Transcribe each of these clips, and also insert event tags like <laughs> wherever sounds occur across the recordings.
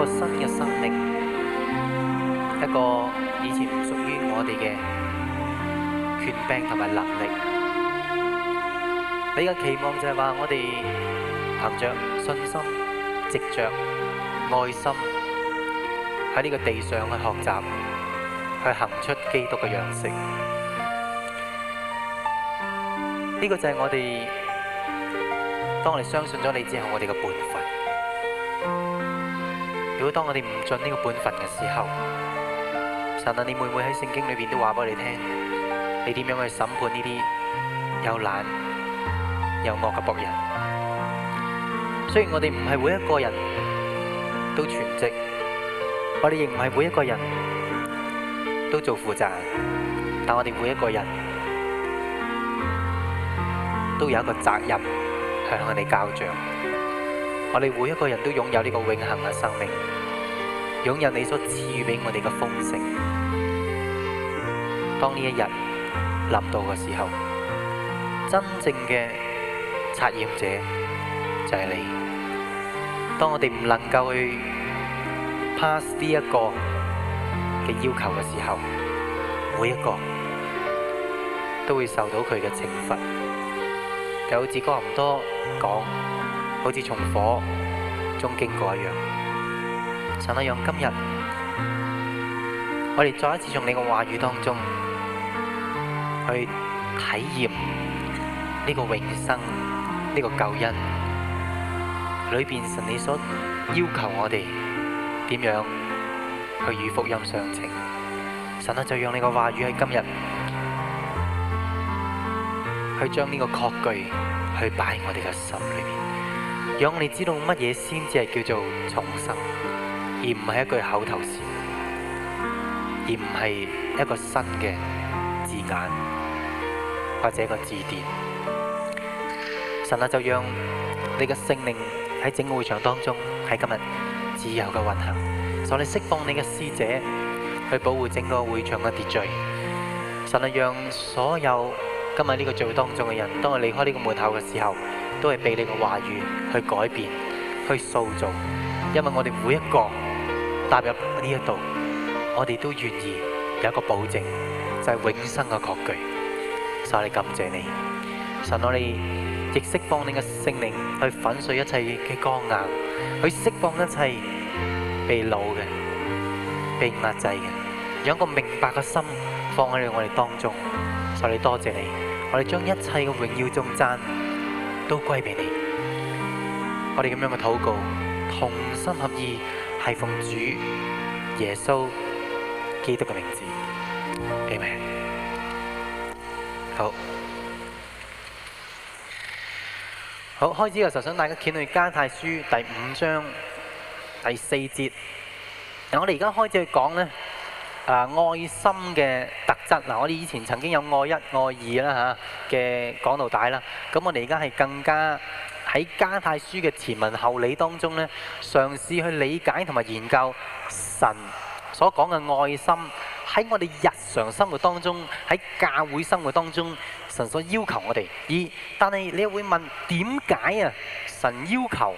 一個新嘅生命，一個以前唔屬於我哋嘅權柄同埋能力。你嘅期望就係話我哋行着信心、執着、愛心，喺呢個地上去學習，去行出基督嘅樣式。呢、這個就係我哋，當我哋相信咗你之後，我哋嘅本。如果當我哋唔盡呢個本分嘅時候，神啊，你每每喺聖經裏邊都話俾我哋聽，你點樣去審判呢啲又懶又惡嘅僕人？雖然我哋唔係每一個人都全職，我哋亦唔係每一個人都做負責，但我哋每一個人都有一個責任向我哋交賬。我哋每一個人都擁有呢個永恆嘅生命。擁有你所賜予俾我哋嘅豐盛，當呢一日臨到嘅時候，真正嘅察驗者就係你。當我哋唔能夠去 pass 呢一個嘅要求嘅時候，每一個都會受到佢嘅懲罰，就好似哥林多講，好似從火中經過一樣。神啊，讓今日我哋再一次從你個話語當中去體驗呢個永生、呢個救恩裏邊，神你所要求我哋點樣去與福音相稱。神啊，就讓你個話語喺今日去將呢個確據去擺喺我哋嘅心裏邊。讓我哋知道乜嘢先至係叫做重生。而唔係一句口頭禪，而唔係一個新嘅字眼，或者一個字典。神啊，就讓你嘅聖靈喺整個會場當中，喺今日自由嘅運行，就你釋放你嘅使者，去保護整個會場嘅秩序。神啊，讓所有今日呢個聚會當中嘅人，當佢離開呢個門口嘅時候，都係被你嘅話語去改變、去塑造，因為我哋每一個，踏入呢一度，我哋都願意有一個保證，就係永生嘅確據。所以，我哋感謝你，神，我哋亦釋放你嘅聖靈去粉碎一切嘅剛硬，去釋放一切被擄嘅、被壓制嘅，有一個明白嘅心放喺我哋當中。所以我哋多謝你，我哋將一切嘅榮耀頌讚都歸俾你。我哋咁樣嘅禱告，同心合意。係奉主耶穌基督嘅名字，阿們。好，好，開始嘅時候想大家揭去加泰書第五章第四節。嗱我哋而家開始去講呢，啊愛心嘅特質，嗱我哋以前曾經有愛一、愛二啦吓嘅講道帶啦，咁我哋而家係更加。喺加太書嘅前文後理當中呢，嘗試去理解同埋研究神所講嘅愛心喺我哋日常生活當中，喺教會生活當中，神所要求我哋。而，但係你又會問點解啊？神要求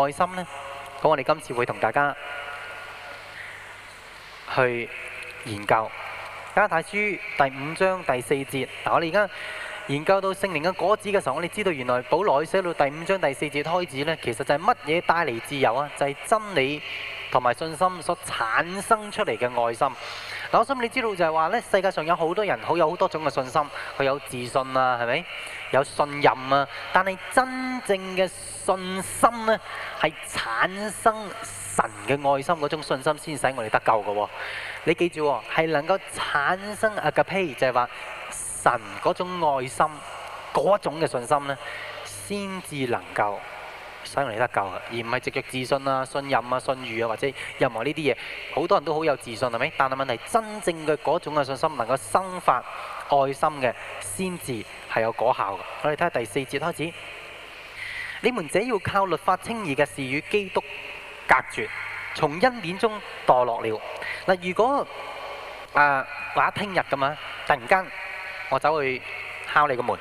愛心呢，咁我哋今次會同大家去研究加太書第五章第四節。嗱，我哋而家。研究到聖靈嘅果子嘅時候，我哋知道原來保羅寫到第五章第四節開始咧，其實就係乜嘢帶嚟自由啊？就係真理同埋信心所產生出嚟嘅愛心。嗱，我想你知道就係話咧，世界上有好多人，好有好多種嘅信心，佢有自信啊，係咪？有信任啊，但係真正嘅信心咧，係產生神嘅愛心嗰種信心，先使我哋得救嘅。你記住，係能夠產生阿格呸，就係話。神嗰種愛心，嗰種嘅信心呢，先至能夠使人得救嘅，而唔係藉著自信啊、信任啊、信譽啊，或者任何呢啲嘢。好多人都好有自信係咪？但係問題，真正嘅嗰種嘅信心，能夠生發愛心嘅，先至係有果效嘅。我哋睇下第四節開始， <music> 你們這要靠律法稱義嘅事與基督隔絕，從恩典中墜落了。嗱，如果啊話聽日咁樣，突然間～我走去敲你個門，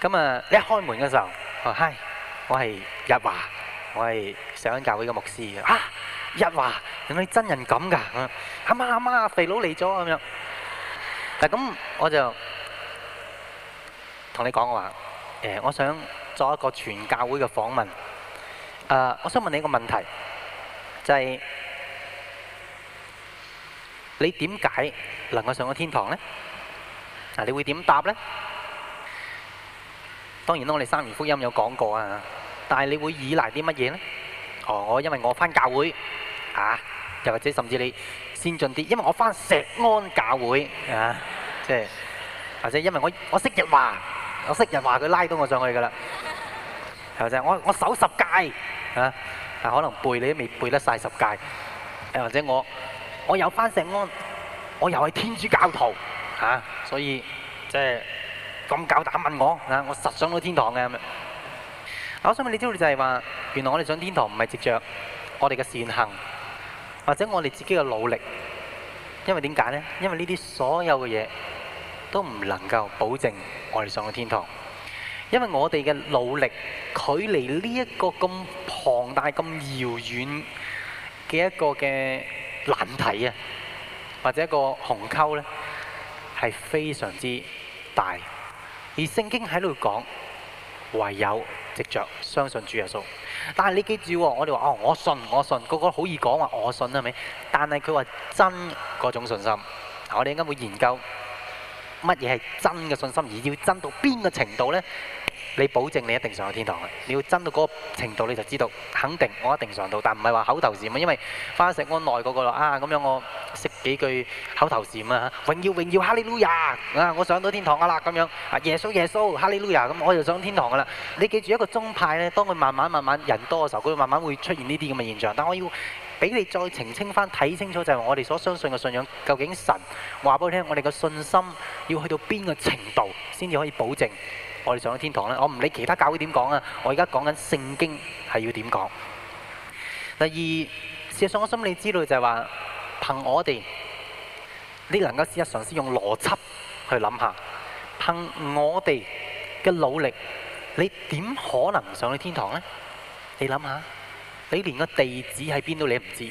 咁啊！一開門嘅時候，我嗨，我係日華，我係上教會嘅牧師啊！日華，原來真人咁㗎？阿媽阿媽，ah, ma, ma, 肥佬嚟咗咁樣。但咁我就同你講話，誒，我想做一個全教會嘅訪問。啊，我想問你一個問題，就係、是。你點解能夠上個天堂呢？啊，你會點答呢？當然啦，我哋三年福音有講過啊，但係你會依賴啲乜嘢呢？哦，我因為我翻教會啊，又或者甚至你先進啲，因為我翻石安教會啊，即係或者因為我我識日華，我識日華佢拉到我上去噶啦，係咪先？我我守十誡啊，但可能背你都未背得晒十誡，誒或者我。我有翻石安，我又係天主教徒，嚇，啊，所以即係咁搞膽問我啊，我實上到天堂嘅。我想問你知道就係話，原來我哋上天堂唔係藉著我哋嘅善行，或者我哋自己嘅努力，因為點解呢？因為呢啲所有嘅嘢都唔能夠保證我哋上到天堂，因為我哋嘅努力，距離呢一個咁龐大、咁遙遠嘅一個嘅。難題啊，或者個鴻溝咧係非常之大，而聖經喺度講，唯有藉著相信主耶穌。但係你記住，我哋話哦，我信，我信，個個好易講話我信，係咪？但係佢話真嗰種信心，我哋應該會研究乜嘢係真嘅信心，而要真到邊個程度咧？你保證你一定上到天堂嘅，你要真到嗰個程度你就知道，肯定我一定上到，但唔係話口頭禪啊，因為翻去食我耐過個啦啊咁樣，我識幾句口頭禪啊，榮耀榮耀哈利路亞啊，我上到天堂嘅啦咁樣，啊、耶穌耶穌哈利路亞，咁我就上天堂嘅啦。你記住一個宗派咧，當佢慢慢慢慢人多嘅時候，佢會慢慢會出現呢啲咁嘅現象。但我要俾你再澄清翻，睇清楚就係我哋所相信嘅信仰究竟神話俾我聽，我哋嘅信心要去到邊個程度先至可以保證？我哋上咗天堂咧，我唔理其他教會點講啊！我而家講緊聖經係要點講。第二，事實上我心裏知道就係話，憑我哋，你能夠試下嘗試用邏輯去諗下，憑我哋嘅努力，你點可能上去天堂呢？你諗下，你連個地址喺邊度你都唔知，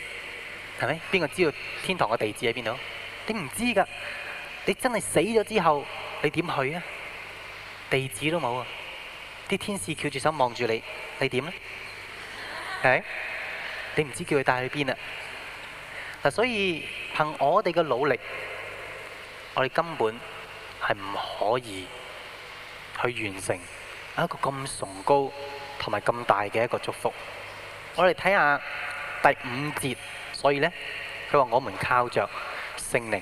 係咪？邊個知道天堂嘅地址喺邊度？你唔知㗎，你真係死咗之後，你點去啊？地址都冇啊！啲天使翹住手望住你，你點呢？係咪？你唔知叫佢帶去邊啊？嗱，所以憑我哋嘅努力，我哋根本係唔可以去完成一個咁崇高同埋咁大嘅一個祝福。我哋睇下第五節，所以呢，佢話，我們靠着聖靈。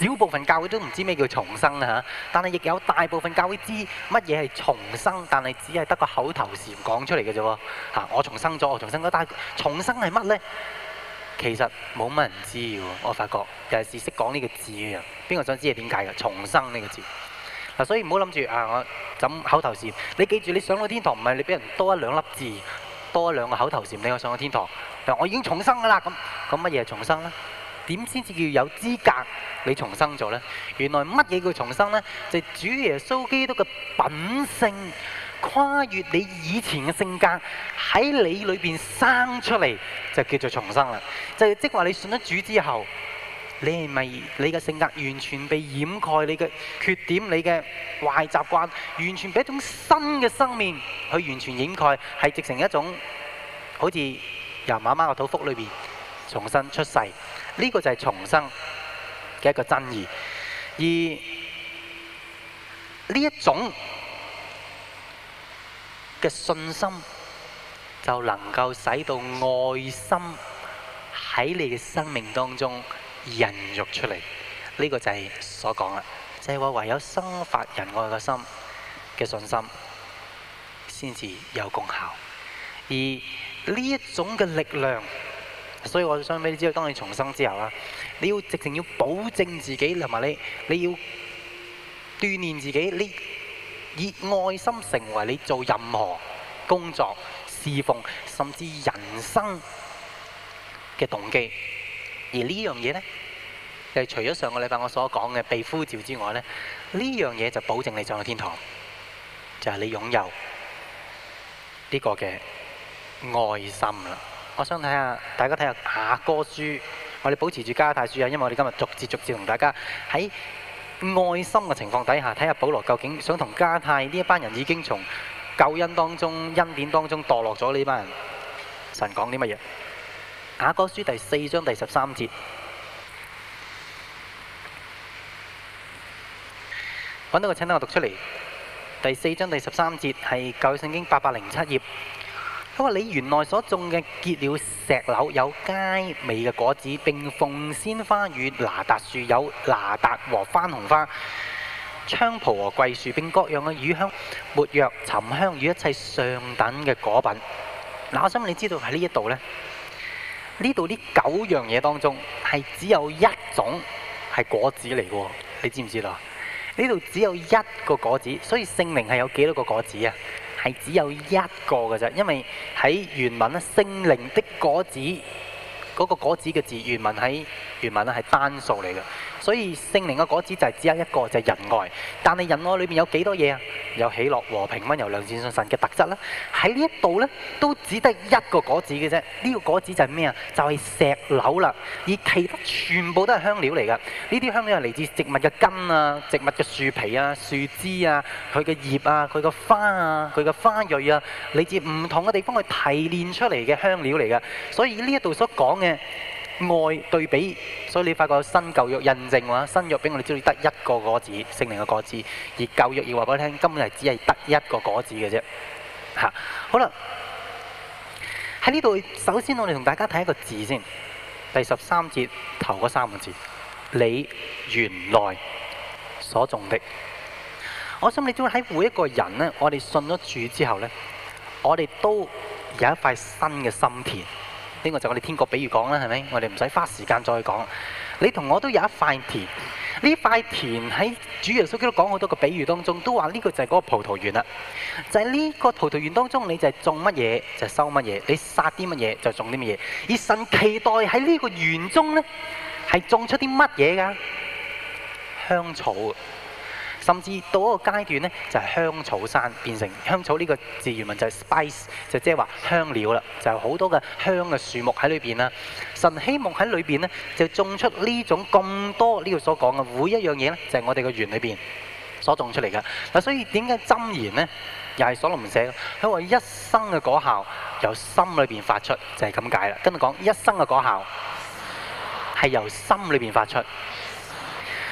少部分教會都唔知咩叫重生啊嚇，但係亦有大部分教會知乜嘢係重生，但係只係得個口頭禪講出嚟嘅啫喎嚇。我重生咗，我重生咗，但係重生係乜呢？其實冇乜人知喎。我發覺尤其係只識講呢個字嘅人，邊個想知係點解嘅重生呢個字？嗱，所以唔好諗住啊！我咁口頭禪？你記住，你上到天堂唔係你俾人多一兩粒字，多一兩個口頭禪，你我上到天堂。但我已經重生㗎啦，咁咁乜嘢係重生呢？點先至叫有資格你重生咗呢？原來乜嘢叫重生呢？就係主耶穌基督嘅品性跨越你以前嘅性格喺你裏邊生出嚟就叫做重生啦！就即係話你信咗主之後，你咪你嘅性格完全被掩蓋，你嘅缺點、你嘅壞習慣，完全俾一種新嘅生命去完全掩蓋，係形成一種好似由媽媽個肚腹裏邊重新出世。呢個就係重生嘅一個真意，而呢一種嘅信心，就能夠使到愛心喺你嘅生命當中孕育出嚟。呢個就係所講啦，就係話唯有生發仁愛嘅心嘅信心，先至有功效。而呢一種嘅力量。所以我最想俾你知道，當你重生之後啦，你要直情要保證自己，同埋你你要鍛鍊自己，你以愛心成為你做任何工作、侍奉甚至人生嘅動機。而呢樣嘢呢，就係、除咗上個禮拜我所講嘅被呼召之外咧，呢樣嘢就保證你上到天堂，就係、是、你擁有呢個嘅愛心啦。我想睇下大家睇下雅歌書，我哋保持住加泰書啊，因為我哋今日逐字逐字同大家喺愛心嘅情況底下睇下保羅究竟想同加泰呢一班人已經從救恩當中恩典當中墮落咗呢班人，神講啲乜嘢？雅歌書第四章第十三節，揾到個請等我讀出嚟，第四章第十三節係舊聖經八百零七頁。因為你園內所種嘅結了石榴、有佳美嘅果子，並鳳仙花與拿達樹有拿達和番紅花、菖蒲和桂樹，並各樣嘅乳香、沒藥、沉香與一切上等嘅果品。嗱、呃、我想問你知道喺呢一度呢，呢度啲九樣嘢當中係只有一種係果子嚟嘅喎，你知唔知啦？呢度只有一個果子，所以聖靈係有幾多個果子啊？係只有一個嘅啫，因為喺原文咧，《聖靈的果子》嗰個果子嘅字，原文喺原文咧，係單數嚟嘅。所以聖靈嘅果子就係只有一個，就係仁愛。但係仁愛裏面有幾多嘢啊？有喜樂、和平、溫柔、良善、信實嘅特質啦。喺呢一度咧，都只得一個果子嘅啫。呢、這個果子就係咩啊？就係、是、石榴啦。而其他全部都係香料嚟噶。呢啲香料係嚟自植物嘅根啊、植物嘅樹皮啊、樹枝啊、佢嘅葉啊、佢嘅花啊、佢嘅花蕊啊，嚟自唔同嘅地方去提煉出嚟嘅香料嚟噶。所以呢一度所講嘅。愛對比，所以你發覺有新舊約印證喎，新約俾我哋知道得一個果子，聖靈嘅果子；而舊約而話俾你聽，根本係只係得一個果子嘅啫、啊。好啦，喺呢度首先我哋同大家睇一個字先，第十三節頭嗰三個字，你原來所種的。我想你知道喺每一個人呢，我哋信咗主之後呢，我哋都有一塊新嘅心田。呢個就我哋天國比喻講啦，係咪？我哋唔使花時間再講。你同我都有一塊田，呢塊田喺主耶穌基督講好多個比喻當中，都話呢個就係嗰個葡萄園啦。就係呢個葡萄園當中，你就係種乜嘢就收乜嘢，你殺啲乜嘢就種啲乜嘢。而神期待喺呢個園中呢，係種出啲乜嘢㗎？香草。甚至到一個階段咧，就係香草山變成香草呢個字原文就係 spice，就即係話香料啦，就係、是、好多嘅香嘅樹木喺裏邊啦。神希望喺裏邊咧，就種出呢種咁多呢、呢個所講嘅每一樣嘢咧，就係我哋嘅園裏邊所種出嚟嘅。嗱，所以點解箴言咧，又係所羅門寫嘅？佢話一生嘅果效由心裏邊發出，就係咁解啦。跟住講一生嘅果效係由心裏邊發出。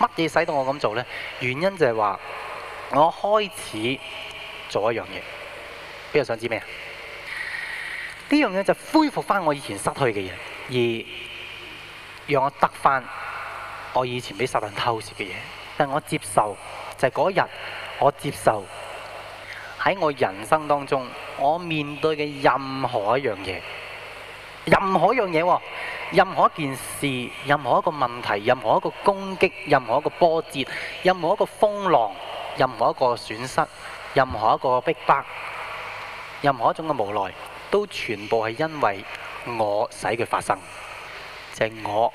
乜嘢使到我咁做呢？原因就係話我開始做一樣嘢，邊個想知咩啊？呢樣嘢就恢復翻我以前失去嘅嘢，而讓我得翻我以前俾神人偷竊嘅嘢。但我接受，就係嗰日我接受喺我人生當中，我面對嘅任何一樣嘢，任何一樣嘢喎。任何一件事、任何一個問題、任何一個攻擊、任何一個波折、任何一個風浪、任何一個損失、任何一個逼迫、任何一種嘅無奈，都全部係因為我使佢發生，就係、是、我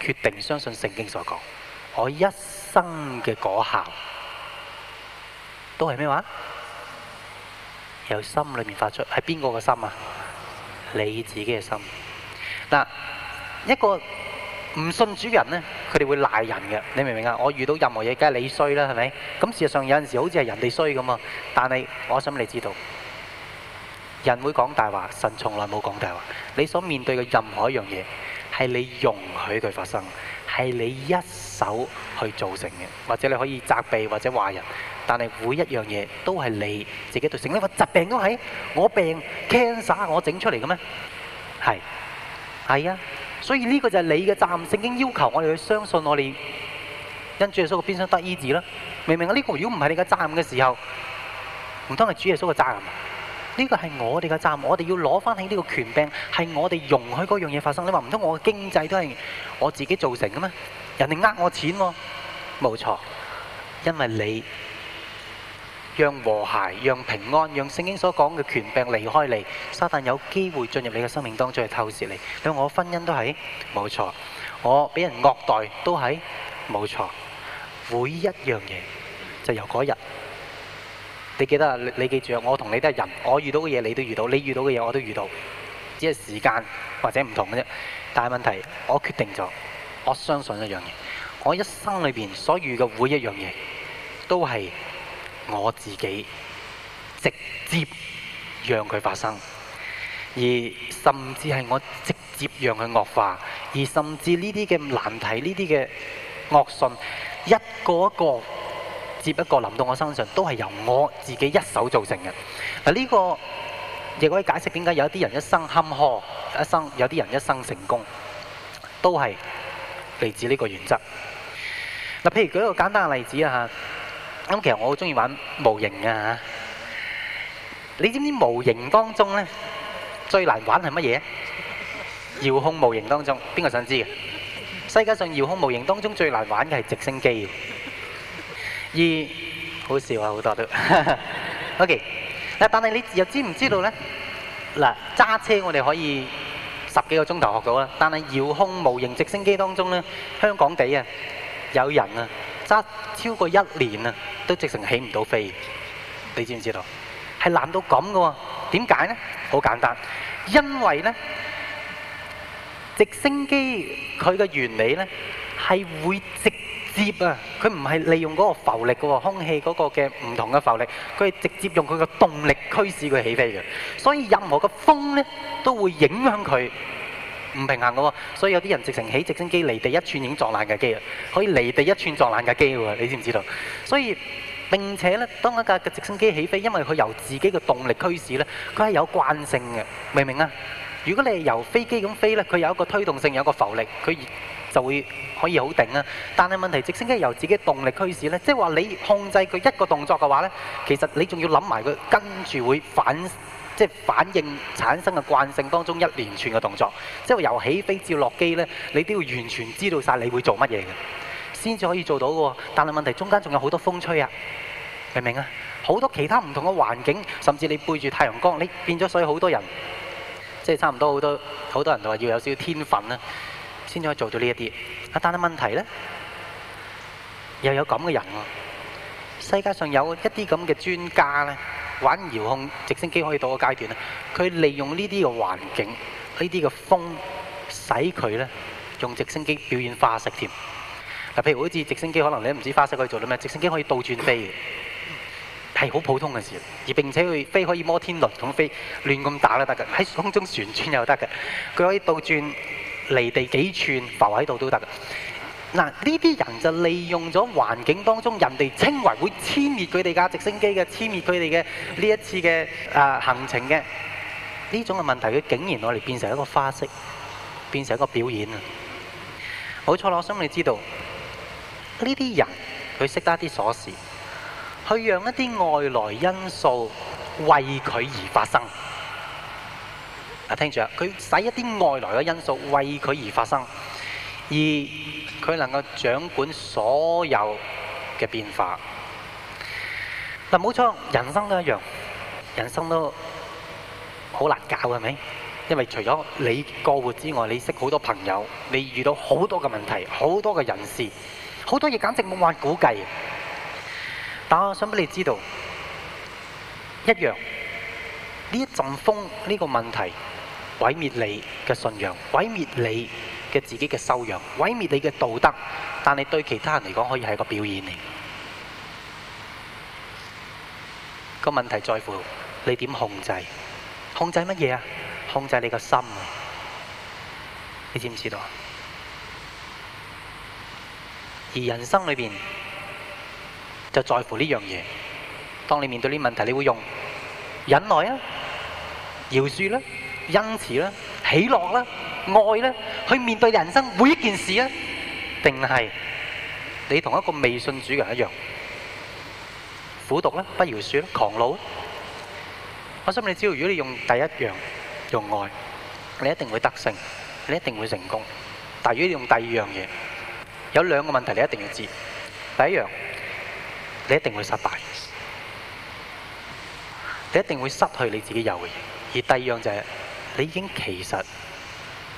決定相信聖經所講，我一生嘅果效都係咩話？由心裏面發出，係邊個嘅心啊？你自己嘅心。嗱，一個唔信主人咧，佢哋會賴人嘅。你明唔明啊？我遇到任何嘢，梗係你衰啦，係咪？咁事實上有陣時好似係人哋衰咁啊。但係我想你知道，人會講大話，神從來冇講大話。你所面對嘅任何一樣嘢，係你容許佢發生，係你一手去造成嘅。或者你可以責備或者話人，但係每一樣嘢都係你自己造成。呢個疾病都係我病 cancer，我整出嚟嘅咩？係。係啊，所以呢個就係你嘅責任。聖經要求我哋去相信我哋因主耶穌嘅鞭傷得醫治啦。明明呢、呢個如果唔係你嘅責任嘅時候，唔通係主耶穌嘅責任？呢、呢個係我哋嘅責任。我哋要攞翻起呢個權柄，係我哋容許嗰樣嘢發生。你話唔通我嘅經濟都係我自己造成嘅咩？人哋呃我錢喎，冇錯，因為你。讓和諧，讓平安，讓聖經所講嘅權柄離開你，撒旦有機會進入你嘅生命當中去透視你。你話我婚姻都係，冇錯，我俾人虐待都係，冇錯，每一樣嘢，就由嗰日。你記得啊，你記住啊，我同你都係人，我遇到嘅嘢你都遇到，你遇到嘅嘢我都遇到，只係時間或者唔同嘅啫。但係問題，我決定咗，我相信一樣嘢，我一生裏邊所遇嘅每一樣嘢，都係。我自己直接讓佢發生，而甚至係我直接讓佢惡化，而甚至呢啲嘅難題、呢啲嘅惡訊，一個一個接一個臨到我身上，都係由我自己一手造成嘅。嗱，呢個亦可以解釋點解有啲人一生坎坷，一生有啲人一生成功，都係嚟自呢個原則。嗱，譬如舉一個簡單嘅例子啊吓。咁其實我好中意玩模型嘅，你知唔知模型當中呢，最難玩係乜嘢？遙控模型當中，邊個想知嘅？世界上遙控模型當中最難玩嘅係直升機。而好笑啊，好多都。 <laughs> OK，嗱，但係你又知唔知道呢？嗱，揸車我哋可以十幾個鐘頭學到啦，但係遙控模型直升機當中呢，香港地啊有人啊。得超過一年啊，都直情起唔到飛，你知唔知道？係難到咁嘅喎，點解咧？好簡單，因為咧直升機佢嘅原理咧係會直接啊，佢唔係利用嗰個浮力嘅喎，空氣嗰個嘅唔同嘅浮力，佢係直接用佢嘅動力驅使佢起飛嘅，所以任何嘅風咧都會影響佢。唔平衡嘅喎，所以有啲人直情起直升機離地一寸已經撞爛架機啊！可以離地一寸撞爛架機喎，你知唔知道？所以並且呢，當一架直升機起飛，因為佢由自己嘅動力驅使呢，佢係有慣性嘅，明唔明啊？如果你係由飛機咁飛呢，佢有一個推動性，有一個浮力，佢就會可以好定啊。但係問題直升機由自己動力驅使呢，即係話你控制佢一個動作嘅話呢，其實你仲要諗埋佢跟住會反。即係反應產生嘅慣性當中一連串嘅動作，即係由起飛至落機呢，你都要完全知道晒你會做乜嘢嘅，先至可以做到嘅。但係問題中間仲有好多風吹啊，明唔明啊？好多其他唔同嘅環境，甚至你背住太陽光，你變咗，所以好多人，即係差唔多好多好多人都話要有少少天分呢，先至可以做到呢一啲。但係問題呢，又有咁嘅人喎，世界上有一啲咁嘅專家呢。玩遙控直升機可以到個階段咧，佢利用呢啲嘅環境，呢啲嘅風，使佢咧用直升機表演花式添嗱。譬如好似直升機，可能你唔知花式可以做到咩？直升機可以倒轉飛嘅，係好普通嘅事。而並且佢飛可以摩天輪咁飛亂，亂咁打都得㗎，喺空中旋轉又得㗎，佢可以倒轉離地幾吋浮喺度都得。嗱，呢啲人就利用咗環境當中人哋稱為會殲滅佢哋架直升機嘅殲滅佢哋嘅呢一次嘅誒、呃、行程嘅呢種嘅問題，佢竟然攞嚟變成一個花式，變成一個表演啊！冇錯，我想你知道呢啲人佢識得一啲鎖匙，去讓一啲外來因素為佢而發生。啊，聽住啊，佢使一啲外來嘅因素為佢而發生。而佢能夠掌管所有嘅變化。嗱，冇錯，人生都一樣，人生都好難教，係咪？因為除咗你過活之外，你識好多朋友，你遇到好多嘅問題，好多嘅人事，好多嘢，簡直冇法估計。但係我想俾你知道，一樣呢一陣風，呢個問題毀滅你嘅信仰，毀滅你。嘅自己嘅修養，毀滅你嘅道德，但你對其他人嚟講可以係個表演嚟。個問題在乎你點控制，控制乜嘢啊？控制你個心，你知唔知道？而人生裏邊就在乎呢樣嘢。當你面對呢問題，你會用忍耐啊，饒恕啦。因此咧，喜樂咧，愛咧，去面對人生每一件事咧，定係你同一個未信主嘅人一樣苦讀咧、不饒恕咧、狂怒。我想問你知道：如果你用第一樣，用愛，你一定會得勝，你一定會成功。但係如果你用第二樣嘢，有兩個問題你一定要知。第一樣，你一定會失敗；你一定會失去你自己有嘅嘢。而第二樣就係。你已經其實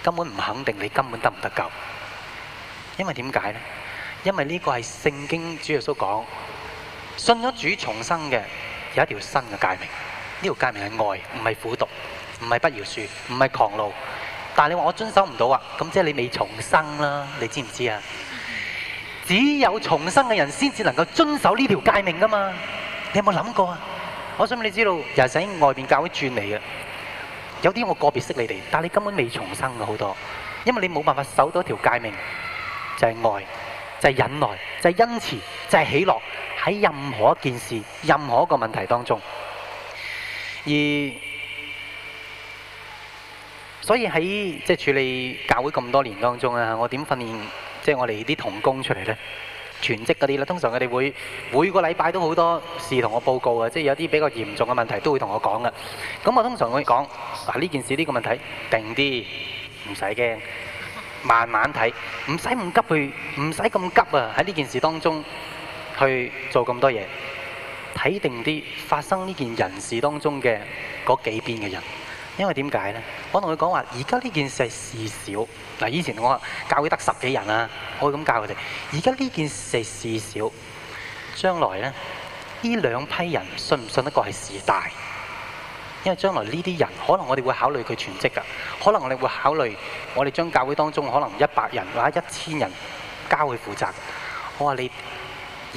根本唔肯定，你根本得唔得救？因為點解呢？因為呢個係聖經主耶穌所講，信咗主重生嘅有一條新嘅界命。呢條界命係愛，唔係苦毒，唔係不饒恕，唔係狂怒。但係你話我遵守唔到啊？咁即係你未重生啦，你知唔知啊？只有重生嘅人先至能夠遵守呢條界命噶嘛？你有冇諗過啊？我想你知道，又係喺外邊教會轉嚟嘅。有啲我個別識你哋，但係你根本未重生過好多，因為你冇辦法守到一條戒命，就係愛，就係忍耐，就係恩慈，就係喜樂。喺任何一件事、任何一個問題當中，而所以喺即係處理教會咁多年當中啊，我點訓練即係我哋啲同工出嚟呢？全職嗰啲啦，通常佢哋會每個禮拜都好多事同我報告啊，即係有啲比較嚴重嘅問題都會同我講嘅。咁我通常會講：嗱，呢件事呢個問題定啲，唔使驚，慢慢睇，唔使唔急去，唔使咁急啊！喺呢件事當中去做咁多嘢，睇定啲發生呢件人事當中嘅嗰幾邊嘅人。因為點解呢？我同佢講話，而家呢件事事小。嗱，以前我教會得十幾人啦，可以咁教佢哋。而家呢件事事小，將來呢，呢兩批人信唔信得過係事大。因為將來呢啲人，可能我哋會考慮佢全職㗎，可能我哋會考慮我哋將教會當中可能一百人或者一千人交佢負責。我話你，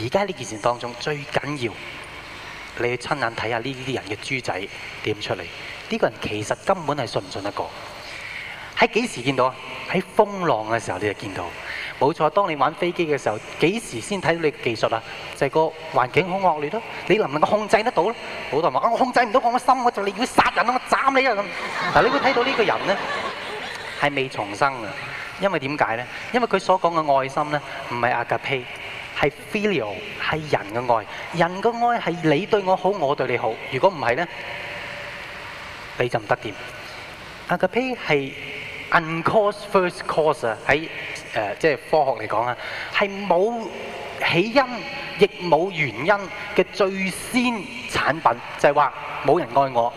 而家呢件事當中最緊要你親看看，你去親眼睇下呢啲人嘅豬仔點出嚟。呢個人其實根本係信唔信得過？喺幾時見到啊？喺風浪嘅時候你就見到。冇錯，當你玩飛機嘅時候，幾時先睇到你嘅技術啊？就係個環境好惡劣咯。你能唔能夠控制得到咧？好多人話啊，我控制唔到我個心，我就你要殺人啊！我斬你啊！咁嗱，你會睇到呢個人咧係未重生啊？因為點解咧？因為佢所講嘅愛心咧，唔係阿格呸，係 filial，係人嘅愛。人嘅愛係你對我好，我對你好。如果唔係咧？你就唔得掂，但個屁係 uncaused first cause 啊！喺誒、呃、即係科學嚟講啊，係冇起因，亦冇原因嘅最先產品，就係話冇人愛我，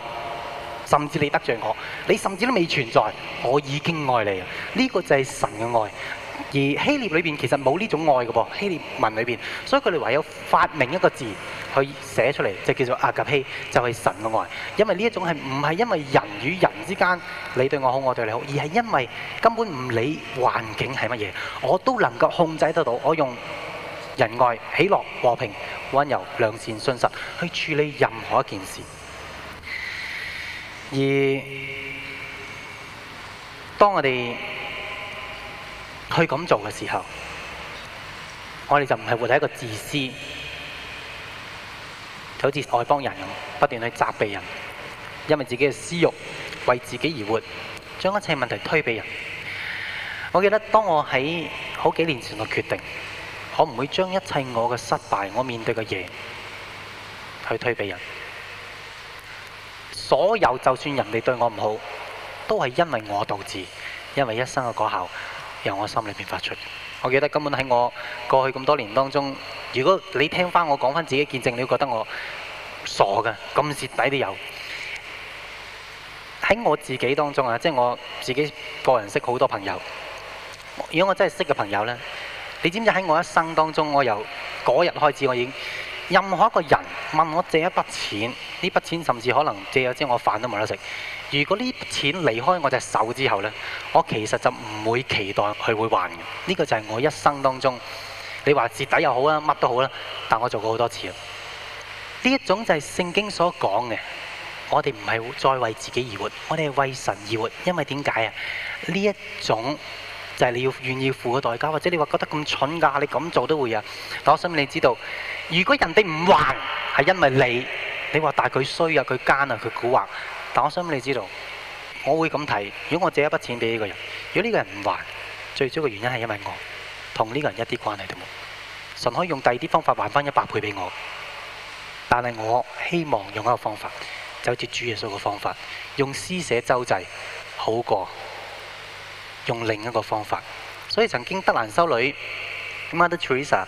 甚至你得罪我，你甚至都未存在，我已經愛你啦！呢、這個就係神嘅愛。而希臘裏邊其實冇呢種愛嘅噃，希臘文裏邊，所以佢哋唯有發明一個字去寫出嚟，就叫做阿及希，就係神嘅愛。因為呢一種係唔係因為人與人之間你對我好，我對你好，而係因為根本唔理環境係乜嘢，我都能夠控制得到，我用仁愛、喜樂、和平、温柔、良善、信實去處理任何一件事。而當我哋去咁做嘅時候，我哋就唔係活喺一個自私，就好似外邦人咁，不斷去責備人，因為自己嘅私欲，為自己而活，將一切問題推俾人。我記得當我喺好幾年前個決定，可唔會將一切我嘅失敗，我面對嘅嘢，去推俾人。所有就算人哋對我唔好，都係因為我導致，因為一生嘅果效。由我心裏邊發出，我記得根本喺我過去咁多年當中，如果你聽翻我講翻自己見證，你會覺得我傻嘅，咁蝕底都有。喺我自己當中啊，即係我自己個人識好多朋友。如果我真係識嘅朋友呢，你知唔知喺我一生當中，我由嗰日開始，我已經任何一個人問我借一筆錢，呢筆錢甚至可能借咗，之後我飯都冇得食。如果呢啲錢離開我隻手之後呢，我其實就唔會期待佢會還嘅。呢個就係我一生當中，你話蝕底又好啊，乜都好啦，但我做過好多次啊。呢一種就係聖經所講嘅，我哋唔係再為自己而活，我哋係為神而活。因為點解啊？呢一種就係你要願意付個代價，或者你話覺得咁蠢㗎，你咁做都會啊。但我想你知道，如果人哋唔還係因為你，你話大佢衰啊，佢奸啊，佢蠱惑。但我想你知道，我會咁睇。如果我借一筆錢俾呢個人，如果呢個人唔還，最主要嘅原因係因為我同呢個人一啲關係都冇。神可以用第二啲方法還翻一百倍俾我，但係我希望用一個方法，就好似主耶穌嘅方法，用施捨周濟好過用另一個方法。所以曾經德蘭修女 （Mother Teresa）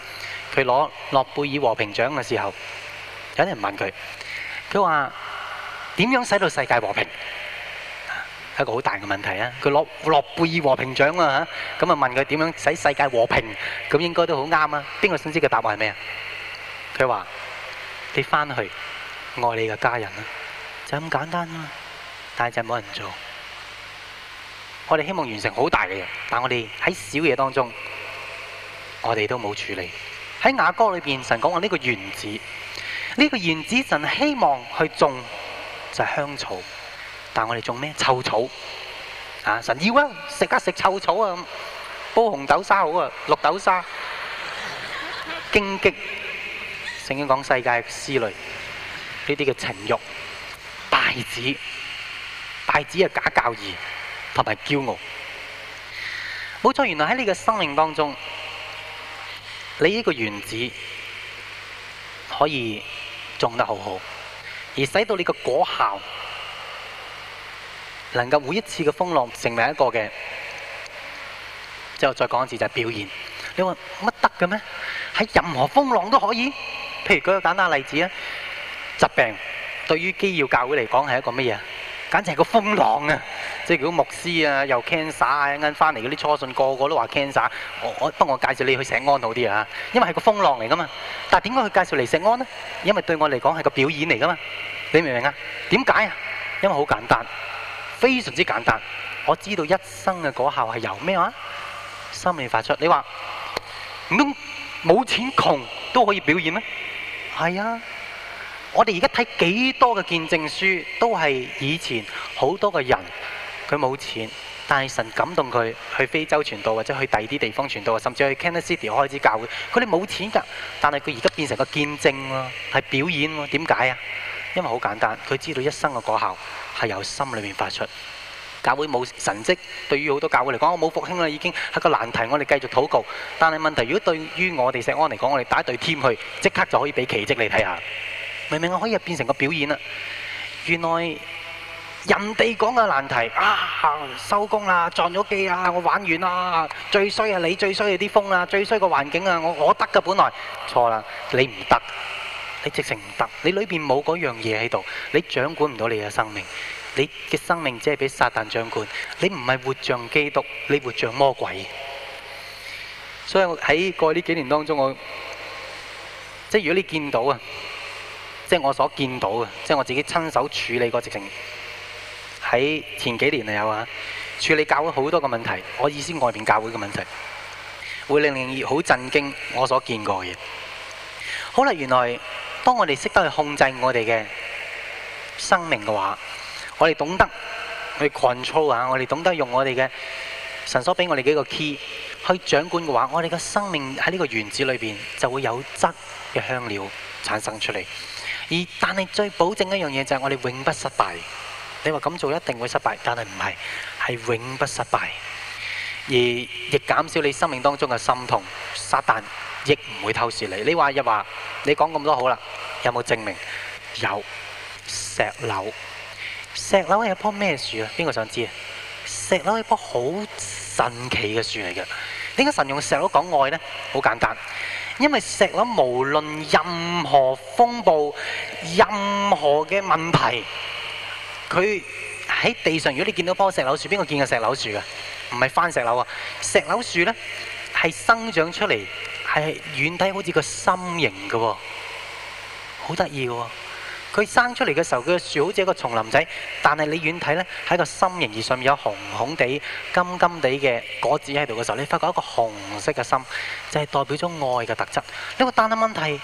佢攞諾貝爾和平獎嘅時候，有人問佢，佢話。點樣使到世界和平係一個好大嘅問題啊！佢攞諾貝爾和平獎啊嚇，咁啊問佢點樣使世界和平，咁應該都好啱啊！邊、啊、個想知嘅答案係咩啊？佢話：你翻去愛你嘅家人啊，就咁簡單啊！但係就係冇人做。我哋希望完成好大嘅嘢，但我哋喺小嘢當中，我哋都冇處理。喺雅歌裏邊，神講話呢個原子，呢、呢個原子，神希望去種。就係香草，但我哋種咩臭草啊！神要啊，食啊食臭草啊！煲紅豆沙好啊，綠豆沙、荊棘， <laughs> 聖經講世界思慮呢啲叫情欲，大子、大子係假教義同埋驕傲。冇錯，原來喺你嘅生命當中，你呢個園子可以種得好好。而使到你個果效能夠每一次嘅風浪成為一個嘅之後再講一次就係表現。你話乜得嘅咩？喺任何風浪都可以。譬如舉個簡單例子啊，疾病對於基要教會嚟講係一個乜嘢啊？簡直係個風浪啊！即係如果牧師啊，又 cancer 啊，啱啱翻嚟嗰啲初信，個個都話 cancer。我我幫我介紹你去石安好啲啊，因為係個風浪嚟噶嘛。但係點解佢介紹嚟石安呢？因為對我嚟講係個表演嚟噶嘛。你明唔明啊？點解啊？因為好簡單，非常之簡單。我知道一生嘅果效係由咩啊？心裏發出。你話唔通冇錢窮都可以表演咩？係啊！我哋而家睇幾多嘅見證書，都係以前好多嘅人，佢冇錢，但係神感動佢去非洲傳道，或者去第二啲地方傳道，甚至去 Kansas City 開始教會。佢哋冇錢㗎，但係佢而家變成個見證喎、啊，係表演喎、啊。點解啊？因為好簡單，佢知道一生嘅果效係由心裏面發出。教會冇神跡，對於好多教會嚟講，我冇復興啦，已經係個難題。我哋繼續禱告。但係問題，如果對於我哋錫安嚟講，我哋打隊 team 去，即刻就可以俾奇蹟你睇下。明明我可以入變成個表演啦！原來人哋講嘅難題啊，收工啦，撞咗機啊，我玩完啦，最衰係你，最衰係啲風啊，最衰個環境啊，我我得㗎本來錯啦，你唔得，你直情唔得，你裏邊冇嗰樣嘢喺度，你掌管唔到你嘅生命，你嘅生命只係俾撒旦掌管，你唔係活像基督，你活像魔鬼。所以我喺過去呢幾年當中，我即係如果你見到啊。即係我所見到嘅，即係我自己親手處理過，直情喺前幾年啊有啊，處理教會好多個問題。我意思外邊教會嘅問題，會令令越好震驚我所見過嘅。嘢好啦，原來當我哋識得去控制我哋嘅生命嘅話，我哋懂得去 control 啊，我哋懂得用我哋嘅神所俾我哋一個 key 去掌管嘅話，我哋嘅生命喺呢個園子裏邊就會有質嘅香料產生出嚟。而但係最保證一樣嘢就係我哋永不失敗。你話咁做一定會失敗，但係唔係，係永不失敗。而亦減少你生命當中嘅心痛，撒但亦唔會偷視你。你話又話你講咁多好啦，有冇證明？有石榴，石榴係一樖咩樹啊？邊個想知啊？石榴係一樖好神奇嘅樹嚟嘅。點解神用石榴講愛呢？好簡單。因為石榴無論任何風暴、任何嘅問題，佢喺地上，如果你見到棵石榴樹，邊個見過石榴樹㗎？唔係番石榴啊，石榴樹咧係生長出嚟，係遠睇好似個心形嘅喎，哦，好得意嘅喎。佢生出嚟嘅時候，佢嘅樹好似一個叢林仔，但係你遠睇呢，喺個心形葉上面有紅紅地、金金地嘅果子喺度嘅時候，你發覺一個紅色嘅心，就係、是、代表咗愛嘅特質。呢個單一問題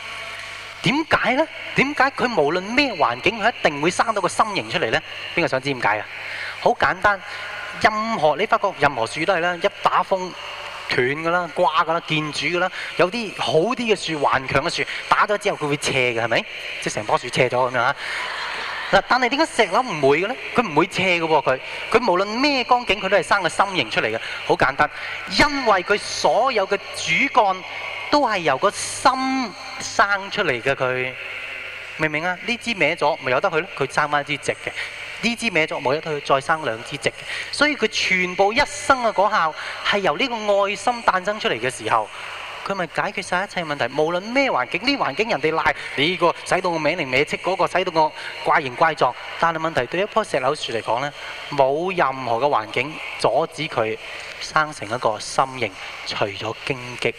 點解呢？點解佢無論咩環境，佢一定會生到個心形出嚟呢？邊個想知點解啊？好簡單，任何你發覺任何樹都係啦，一打風。斷噶啦，掛噶啦，見主噶啦，有啲好啲嘅樹，頑強嘅樹，打咗之後佢會斜嘅，係咪？即係成樖樹斜咗咁樣啊？嗱，但係點解石柳唔會嘅咧？佢唔會斜嘅喎，佢，佢無論咩光景，佢都係生個心形出嚟嘅，好簡單，因為佢所有嘅主幹都係由個心生出嚟嘅，佢明唔明啊？呢支歪咗，咪由得佢咯？佢生翻一支直嘅。呢支孭作冇日，佢再生兩支直，所以佢全部一生嘅果效係由呢個愛心誕生出嚟嘅時候，佢咪解決晒一切問題。無論咩環境，呢環境人哋賴你個，使到個名靈孭戚，嗰個使到個怪形怪狀。但係問題，對一棵石榴樹嚟講呢，冇任何嘅環境阻止佢生成一個心形，除咗荊棘，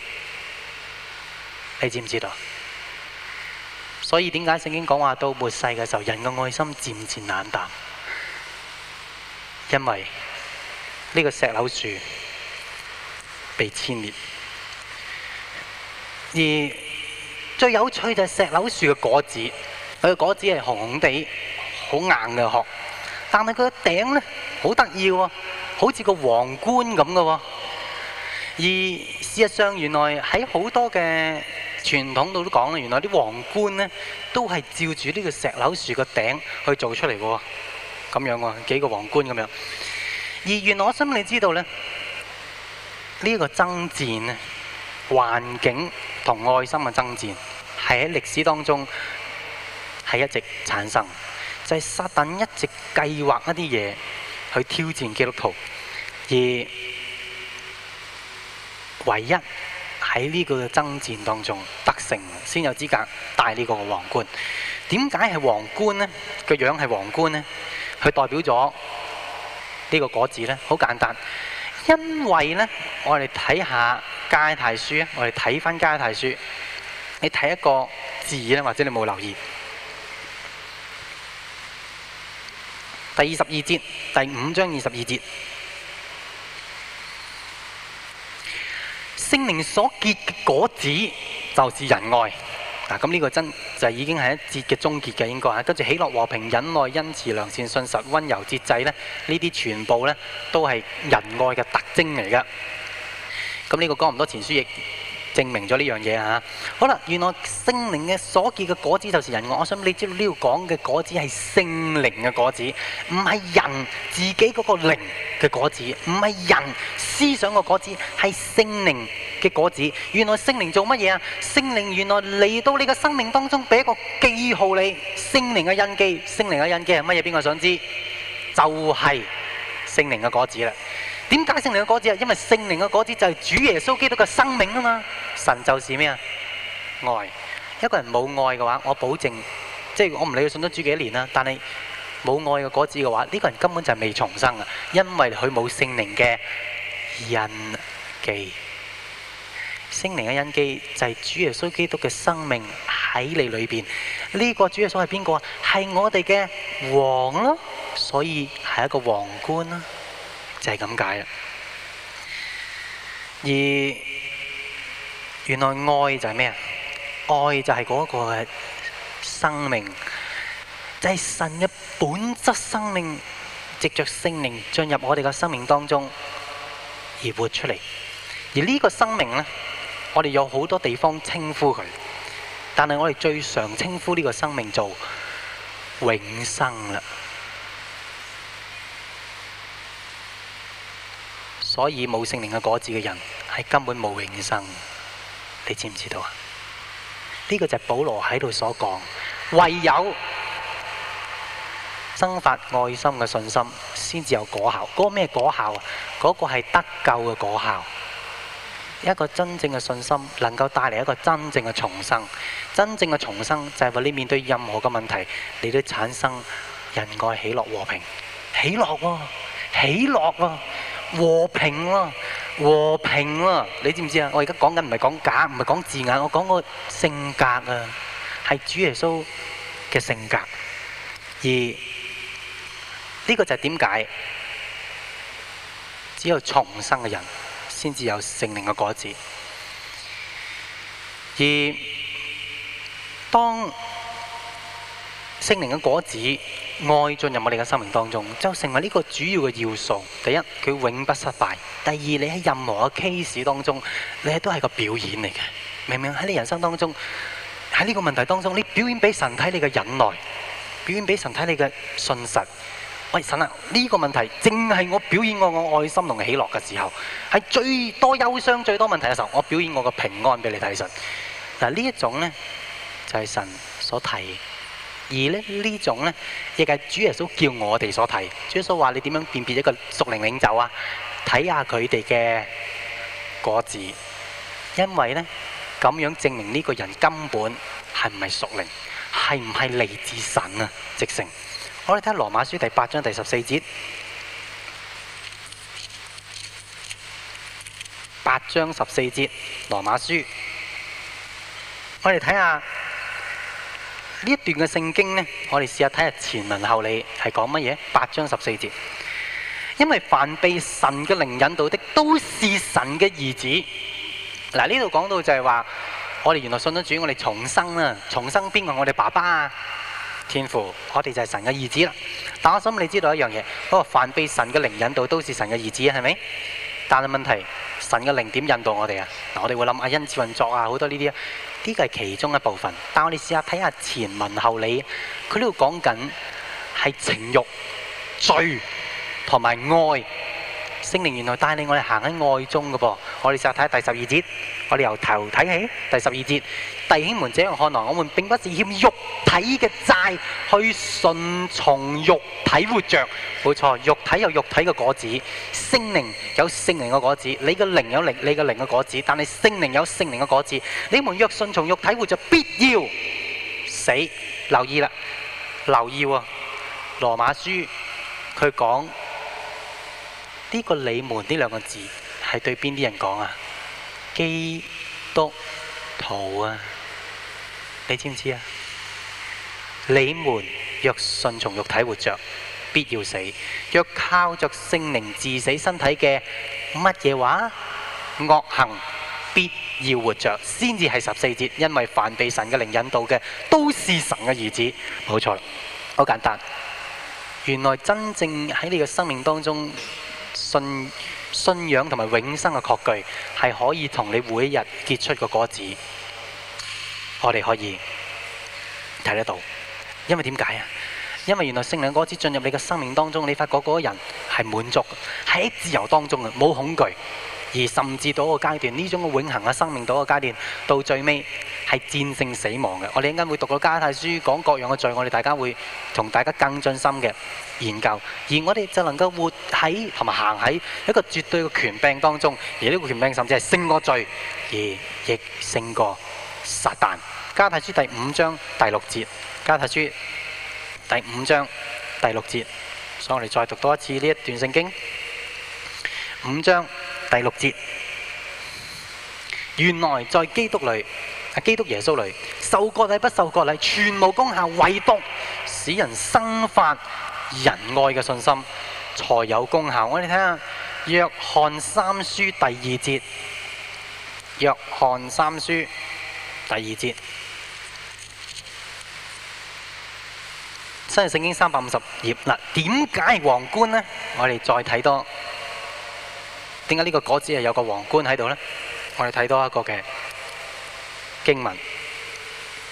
你知唔知道？所以點解聖經講話到末世嘅時候，人嘅愛心漸漸冷淡？因為呢個石榴樹被摧裂，而最有趣就係石榴樹嘅果子，佢嘅果子係紅紅地、好硬嘅殼，但係佢嘅頂咧，好得意喎，好似個皇冠咁嘅喎。而事實上原，原來喺好多嘅傳統度都講啦，原來啲皇冠咧都係照住呢個石榴樹嘅頂去做出嚟嘅喎。咁樣喎，幾個皇冠咁樣。而原來我心裏，你知道呢，呢、呢個爭戰咧，環境同愛心嘅爭戰，係喺歷史當中係一直產生，就係、係、撒旦一直計劃一啲嘢去挑戰基督徒，而唯一喺呢個爭戰當中得勝，先有資格戴呢個個皇冠。點解係皇冠呢？個樣係皇冠呢？佢代表咗呢個果子呢？好簡單，因為呢，我哋睇下《加拉太書》，我哋睇翻《加拉太書》，你睇一個字呢，或者你冇留意第二十二節，第五章二十二節，聖靈所結嘅果子就是仁愛。嗱，咁呢個真就已經係一節嘅終結嘅應該啊，跟住喜樂、和平、忍耐、恩慈、良善、信實、溫柔、節制咧，呢啲全部咧都係仁愛嘅特徵嚟㗎。咁、這、呢個講唔多，前書亦。證明咗呢樣嘢啊！好啦，原來聖靈嘅所結嘅果子就是人。我想你知道呢度講嘅果子係聖靈嘅果子，唔係人自己嗰個靈嘅果子，唔係人思想嘅果子，係聖靈嘅果子。原來聖靈做乜嘢啊？聖靈原來嚟到你個生命當中，俾一個記號你。聖靈嘅印記，聖靈嘅印記係乜嘢？邊個想知？就係聖靈嘅果子啦。點解聖靈嘅果子啊？因為聖靈嘅果子就係主耶穌基督嘅生命啊嘛！神就是咩啊？愛。一個人冇愛嘅話，我保證，即係我唔理佢信咗主幾年啦。但係冇愛嘅果子嘅話，呢個人根本就係未重生啊！因為佢冇聖靈嘅印記。聖靈嘅印記就係主耶穌基督嘅生命喺你裏邊。呢個主耶穌係邊個啊？係我哋嘅王咯，所以係一個皇冠啦。就係咁解啦。而原來愛就係咩啊？愛就係嗰個生命，就係神嘅本質生命，藉着聖靈進入我哋嘅生命當中而活出嚟。而呢個生命呢，我哋有好多地方稱呼佢，但係我哋最常稱呼呢個生命做永生啦。所以冇聖靈嘅果子嘅人係根本冇永生，你知唔知道啊？呢個就係保羅喺度所講，唯有生發愛心嘅信心，先至有果效。嗰個咩果效啊？嗰個係得救嘅果效。一個真正嘅信心，能夠帶嚟一個真正嘅重生。真正嘅重生就係話你面對任何嘅問題，你都產生仁愛、喜樂、和平、喜樂啊、喜樂啊。和平啦，和平啦，你知唔知啊？我而家講緊唔係講假，唔係講字眼，我講個性格啊，係主耶穌嘅性格。而呢個就係點解只有重生嘅人先至有聖靈嘅果子。而當聖靈嘅果子，愛進入我哋嘅生命當中，就成為呢個主要嘅要素。第一，佢永不失敗；第二，你喺任何嘅 case 當中，你都係個表演嚟嘅。明明喺你人生當中，喺呢個問題當中，你表演俾神睇你嘅忍耐，表演俾神睇你嘅信實。喂神啊，呢個問題正係我表演我嘅愛心同喜樂嘅時候，係最多憂傷、最多問題嘅時候，我表演我嘅平安俾你睇神。嗱呢一種呢，就係神所提。而咧呢種呢，亦係主耶穌叫我哋所睇。主耶穌話：你點樣辨別一個屬靈領袖啊？睇下佢哋嘅果子，因為呢，咁樣證明呢個人根本係唔係屬靈，係唔係嚟自神啊？直成，我哋睇《羅馬書》第八章第十四節，八章十四節《羅馬書》我看看，我哋睇下。呢一段嘅聖經呢，我哋試下睇下前文後理係講乜嘢？八章十四節，因為凡被神嘅靈引導的，都是神嘅兒子。嗱，呢度講到就係話，我哋原來信咗主，我哋重生啦，重生邊個？我哋爸爸啊，天父，我哋就係神嘅兒子啦。但我想你知道一樣嘢，嗰個凡被神嘅靈引導，都是神嘅兒子，係咪？但係問題，神嘅靈點引導我哋啊？嗱，我哋會諗啊，恩慈運作啊，好多呢啲啊。呢個係其中一部分，但我哋試下睇下前文後理，佢呢度講緊係情欲、罪同埋愛。聖靈原來帶領我哋行喺愛中㗎噃，我哋就睇下第十二節，我哋由頭睇起。第十二節，弟兄們這樣看來，我們並不是欠肉體嘅債，去順從肉體活着。冇錯，肉體有肉體嘅果子，聖靈有聖靈嘅果子，你嘅靈有靈你嘅靈嘅果子，但係聖靈有聖靈嘅果子。你們若順從肉體活着，必要死。留意啦，留意喎，羅馬書佢講。呢個你們呢兩個字係對邊啲人講啊？基督徒啊，你知唔知啊？你們若順從肉體活着，必要死；若靠着聖靈治死身體嘅乜嘢話惡行，必要活着，先至係十四節。因為凡被神嘅靈引導嘅，都是神嘅兒子，冇錯啦。好簡單，原來真正喺你嘅生命當中。信信仰同埋永生嘅確據，係可以同你每一日結出個果子。我哋可以睇得到，因為點解啊？因為原來聖靈果子進入你嘅生命當中，你發覺嗰個人係滿足，喺自由當中啊，冇恐懼。而甚至到個階段，呢種嘅永恆嘅生命到個階段，到最尾係戰勝死亡嘅。我哋應該會讀到加拉太書，講各樣嘅罪，我哋大家會同大家更進心嘅研究，而我哋就能夠活喺同埋行喺一個絕對嘅權柄當中，而呢個權柄甚至係勝過罪，而亦勝過撒但。加拉太書第五章第六節，加拉太書第五章第六節，所以我哋再讀多一次呢一段聖經。五章第六節，原來在基督裏、基督耶穌裏受割禮不受割禮，全無功效；唯獨使人生發仁愛嘅信心，才有功效。我哋睇下《約翰三書》第二節，約二節《約翰三書》第二節，新約聖經三百五十頁嗱，點解係皇冠呢？我哋再睇多。點解呢個果子係有個皇冠喺度咧？我哋睇多一個嘅經文《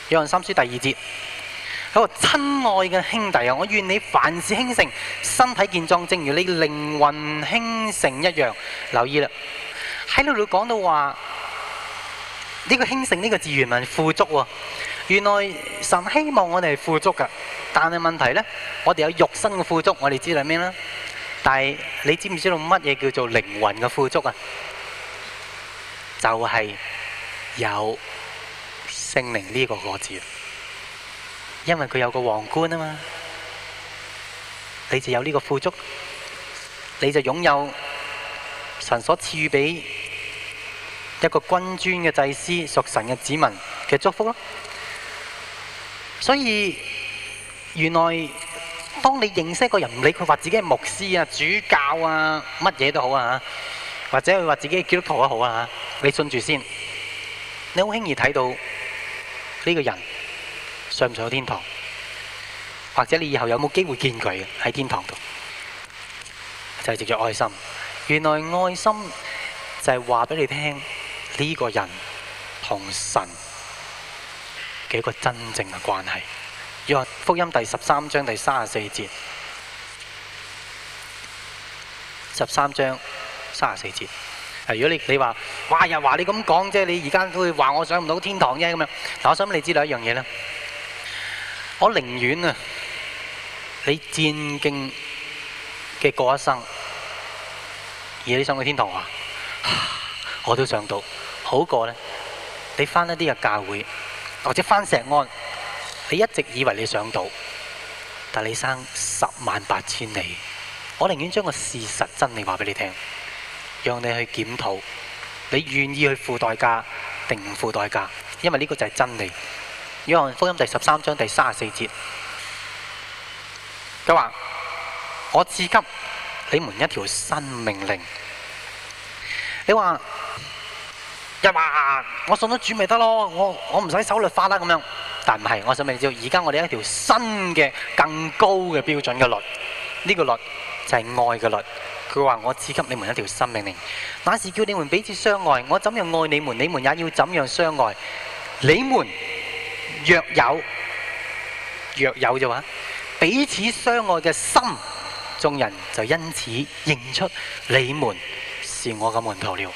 約翰三書》第二節。好，親愛嘅兄弟啊，我願你凡事興盛，身體健壯，正如你靈魂興盛一樣。留意啦，喺度度講到話呢個興盛呢個字原文富足。原來神希望我哋係富足噶，但係問題咧，我哋有肉身嘅富足，我哋知道係咩咧？但係你知唔知道乜嘢叫做靈魂嘅富足啊？就係有聖靈呢個個字，因為佢有個王冠啊嘛，你就有呢個富足，你就擁有神所賜予俾一個君尊嘅祭司屬神嘅子民嘅祝福咯。所以原來。當你認識一個人，唔理佢話自己係牧師啊、主教啊、乜嘢都好啊，或者佢話自己係基督徒都好啊，你信住先，你好輕易睇到呢個人上唔上到天堂，或者你以後有冇機會見佢喺天堂度，就係藉着愛心，原來愛心就係話俾你聽呢個人同神嘅一個真正嘅關係。福音第十三章第三十四節，十三章三十四節。係，如果你你話，哇！又話你咁講，即係你而家會話我上唔到天堂啫咁樣。嗱，我想畀你知道一樣嘢咧，我寧願啊，你戰兢嘅過一生，而你想去天堂啊，我都上到，好過咧，你返一啲嘅教會，或者返錫安。你一直以為你上到，但你生十萬八千里。我寧願將個事實真理話俾你聽，讓你去檢討。你願意去付代價，定唔付代價？因為呢個就係真理。約翰福音第十三章第三十四節，佢話，我賜給你們一條新命令。你話？就話我信咗主咪得咯，我我唔使守律法啦咁樣，但唔係，我想畀你知道，而家我哋一條新嘅更高嘅標準嘅律，呢個律就係愛嘅律。佢話我賜給你們一條新命令，乃是叫你們彼此相愛。我怎樣愛你們，你們也要怎樣相愛。你們若有，若有就話彼此相愛嘅心，眾人就因此認出你們是我嘅門徒了。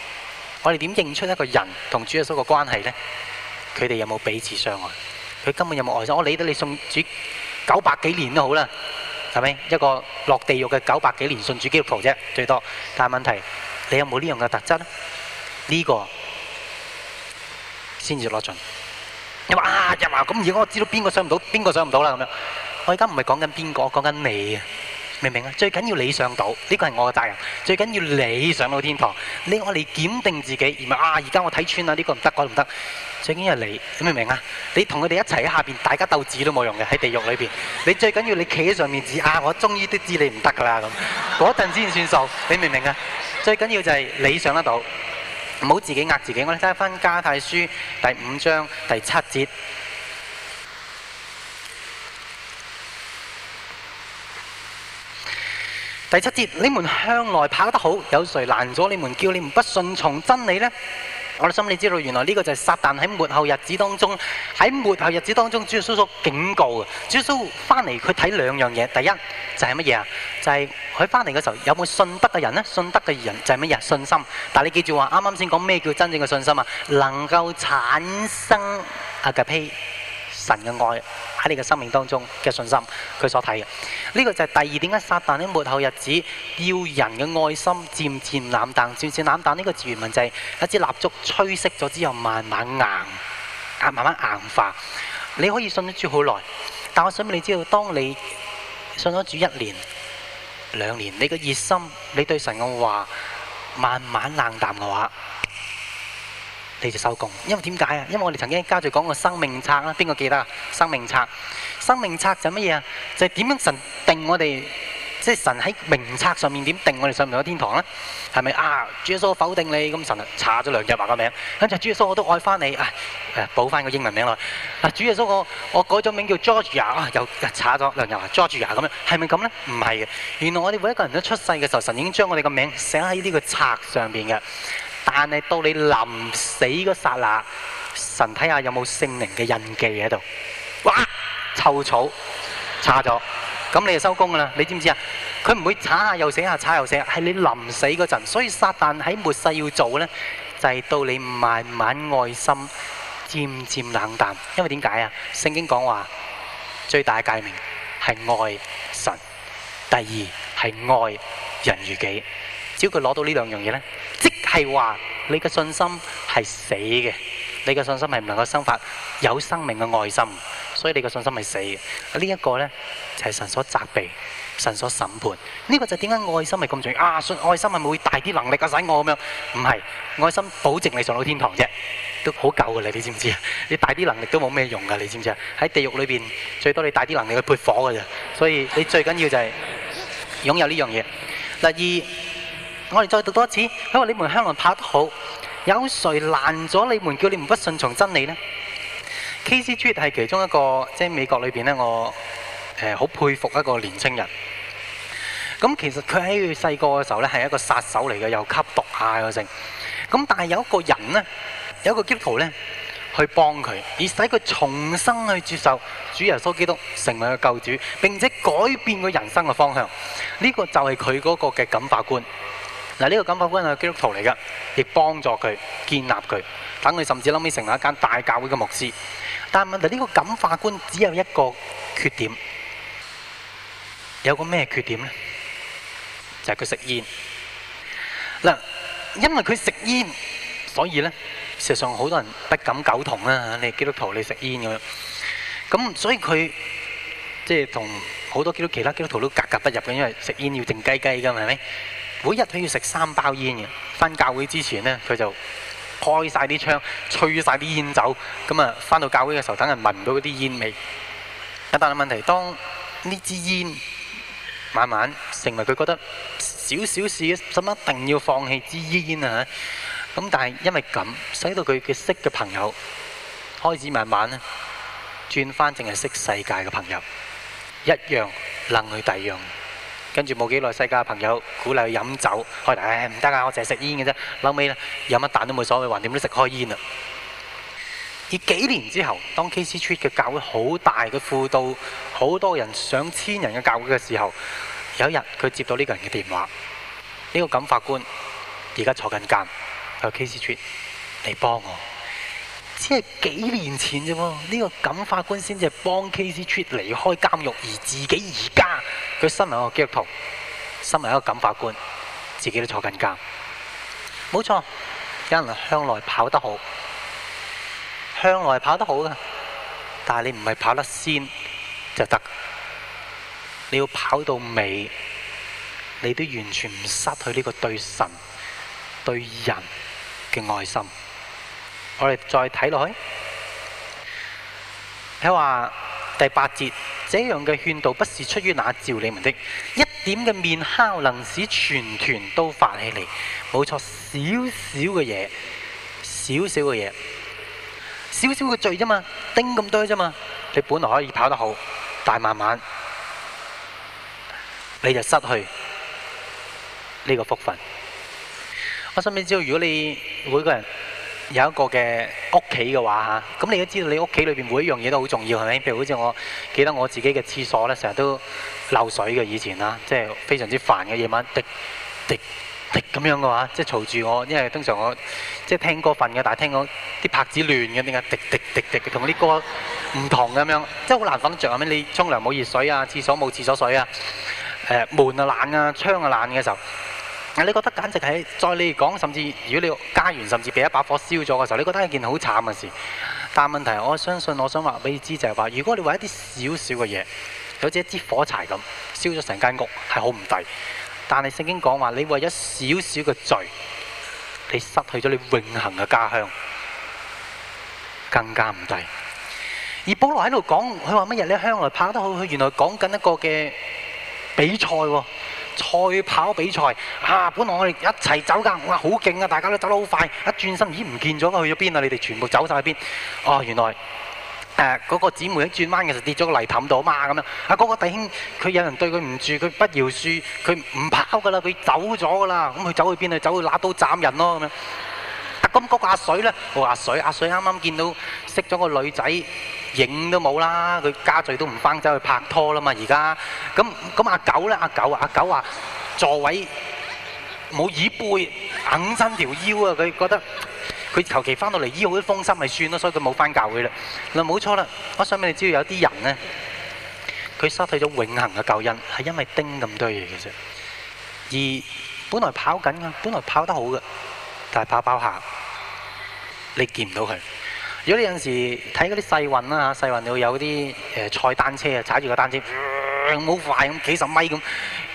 我哋點認出一個人同主耶穌嘅關係咧？佢哋有冇彼此相愛？佢根本有冇愛心？我理得你信主九百幾年都好啦，係咪一個落地獄嘅九百幾年信主基督徒啫，最多。但係問題，你有冇呢樣嘅特質咧？呢個先至攞盡。你話啊，入啊，咁如果我知道邊個想唔到，邊個想唔到啦咁樣。我而家唔係講緊邊個，講緊你啊！明唔明啊？最緊要你上到，呢個係我嘅責任。最緊要你上到天堂，你我嚟檢定自己，而唔係啊！而家我睇穿啦，呢個唔得，嗰個唔得。最緊要係你，明唔明啊？你同佢哋一齊喺下邊，大家鬥智都冇用嘅，喺地獄裏邊。你最緊要你企喺上面，指啊！我終於都知你唔得㗎啦咁，嗰陣先算數。你明唔明啊？最緊要就係你上得到，唔好自己壓自己。我哋睇翻《加太書》第五章第七節。第七節，你們向來跑得好，有誰攔阻你們？叫你們不順從真理呢？我哋心裏知道，原來呢個就係撒旦喺末後日子當中，喺末後日子當中主耶穌做咗警告。耶穌翻嚟，佢睇兩樣嘢，第一就係乜嘢啊？就係佢翻嚟嘅時候有冇信德嘅人咧？信德嘅人就係乜嘢？信心。但係你記住話，啱啱先講咩叫真正嘅信心啊？能夠產生阿嘅呸神嘅愛。喺你嘅生命當中嘅信心，佢所睇嘅呢個就係第二，點解撒但喺末後日子要人嘅愛心漸漸冷淡，淡，漸漸冷淡呢、這個字原文就係、是、一支蠟燭吹熄咗之後慢慢硬，慢慢硬化。你可以信得住好耐，但我想畀你知道，當你信咗主一年、兩年，你嘅熱心，你對神嘅話慢慢冷淡嘅話。你就收工，因為點解啊？因為我哋曾經加住講過生命冊啊，邊個記得啊？生命冊，生命冊就乜嘢啊？就係點樣神定我哋，即係神喺名冊上面點定我哋上唔上天堂咧？係咪啊？主耶穌否定你，咁神查咗梁日華個名，咁就主耶穌我都愛翻你啊，誒補翻個英文名落。啊，主耶穌我耶我、啊啊啊、耶我，我改咗名叫 Georgia 啊，又查咗梁日華 Georgia 咁樣呢，係咪咁咧？唔係嘅，原來我哋每一個人都出世嘅時候，神已經將我哋個名寫喺呢個冊上邊嘅。但係到你臨死嗰剎那，神睇下有冇聖靈嘅印記喺度，哇，臭草，擦咗，咁你就收工啦。你知唔知啊？佢唔會擦下又死下，擦又死。係你臨死嗰陣，所以撒旦喺末世要做呢，就係、是、到你慢慢愛心漸漸冷淡。因為點解啊？聖經講話最大嘅誡命係愛神，第二係愛人如己。只要佢攞到呢兩樣嘢咧，即係話你嘅信心係死嘅，你嘅信心係唔能夠生發有生命嘅愛心，所以你嘅信心係死嘅。呢一個咧就係神所責備、神所審判。呢個就係點解愛心係咁重要啊？信愛心係咪會大啲能力㗎，使我咁樣，唔係愛心保證你上到天堂啫，都好夠㗎喇。你知唔知啊？你大啲能力都冇咩用噶，你知唔知啊？喺地獄裏邊最多你大啲能力去撲火㗎咋，所以你最緊要就係擁有呢樣嘢。嗱二。我哋再讀多一次。佢話：你們向來跑得好，有誰攔咗你們，叫你們不順從真理咧？K.C.G. 係其中一個，即係美國裏邊咧，我誒好佩服一個年輕人。咁其實佢喺佢細個嘅時候咧，係一個殺手嚟嘅，又吸毒啊，又剩。咁但係有一個人咧，有個基督徒咧，去幫佢，而使佢重生去接受主耶穌基督成為佢救主，並且改變佢人生嘅方向。呢個就係佢嗰個嘅感化觀。嗱，呢個感化官係基督徒嚟㗎，亦幫助佢建立佢，等佢甚至諗起成為一間大教會嘅牧師。但係問題呢個感化官只有一個缺點，有個咩缺點呢？就係佢食煙。嗱，因為佢食煙，所以呢，事實上好多人不敢苟同啦嚇。你基督徒你食煙咁樣，咁所以佢即係同好多基督其他基督徒都格格不入嘅，因為食煙要靜雞雞㗎，係咪？每日都要食三包煙嘅，返教會之前呢，佢就開晒啲窗，吹晒啲煙走，咁啊，返到教會嘅時候，等人聞唔到嗰啲煙味。但係問題，當呢支煙慢慢成為佢覺得少少事，使乜一定要放棄支煙啊嚇？咁但係因為咁，使到佢嘅識嘅朋友開始慢慢咧轉翻，淨係識世界嘅朋友一樣能去第二樣。跟住冇幾耐，世界朋友鼓勵佢飲酒，開頭唉，唔得㗎，我淨係食煙嘅啫。後尾咧飲乜蛋都冇所謂，橫掂都食開煙啦。而幾年之後，當 Casey Treat 嘅教會好大嘅輔導，好多人上千人嘅教會嘅時候，有一日佢接到呢個人嘅電話，呢、這個感化官而家坐緊監，阿 Casey Treat，你幫我。即係幾年前啫喎，呢、這個感化官先至係幫 Casey Treat 離開監獄，而自己而家。佢身為一個基督徒，身為一個感化官，自己都坐緊監。冇錯，有人向來跑得好，向來跑得好㗎，但係你唔係跑得先就得，你要跑到尾，你都完全唔失去呢個對神對人嘅愛心。我哋再睇落去，佢話。第八節，這樣嘅勸導不是出於那召你們的，一點嘅麵酵能使全團都發起嚟，冇錯，少少嘅嘢，少少嘅嘢，少少嘅罪啫嘛，叮咁多啫嘛，你本來可以跑得好，但慢慢你就失去呢個福分。我身邊知道，如果你每個人。有一個嘅屋企嘅話嚇，咁你都知道你屋企裏邊每一樣嘢都好重要係咪？譬如好似我記得我自己嘅廁所咧，成日都漏水嘅以前啦，即係非常之煩嘅，夜晚滴滴滴咁樣嘅話，即係嘈住我，因為通常我即係聽歌瞓嘅，但係聽講啲拍子亂嘅，點解滴滴滴滴滴同啲歌唔同咁樣，即係好難瞓著啊！咩你沖涼冇熱水啊，廁所冇廁所水啊，誒、呃、門啊爛啊，窗啊爛嘅時候。你覺得簡直係，在你講甚至如果你家園甚至被一把火燒咗嘅時候，你覺得係件好慘嘅事。但問題，我相信我想話俾你知就係話，如果你為一啲少少嘅嘢，就好似一支火柴咁燒咗成間屋，係好唔抵。但係聖經講話，你為一少少嘅罪，你失去咗你永恆嘅家鄉，更加唔抵。而保羅喺度講，佢話乜嘢咧？向來跑得好，佢原來講緊一個嘅比賽喎。賽跑比賽啊！本來我哋一齊走㗎，我話好勁啊！大家都走得好快，一轉身咦唔見咗，去咗邊啊？你哋全部走晒去邊？哦、啊，原來誒嗰、呃嗰個姊妹一轉彎嘅時候跌咗個泥凼度啊嘛咁樣。啊，嗰、嗰個弟兄佢有人對佢唔住，佢不饒恕，佢唔跑㗎啦，佢走咗㗎啦。咁佢走去邊啊？走去拿刀斬人咯咁樣。咁嗰個阿水咧，我阿水阿水啱啱見到識咗個女仔，影都冇啦，佢家聚都唔翻走去拍拖啦嘛，而家咁咁阿狗咧，阿狗啊阿狗話座位冇椅背，硬伸條腰啊，佢覺得佢求其翻到嚟醫好啲風濕咪算咯，所以佢冇翻教會啦。嗱冇錯啦，我想畀你知，有啲人咧，佢失去咗永恆嘅救恩，係因為叮咁多嘢嘅啫，而本來跑緊啊，本來跑得好嘅。但係包包下，你見唔到佢。如果你有時睇嗰啲世運啊，嚇，世運你會有啲誒賽單車啊，踩住個單車。好快咁，幾十米咁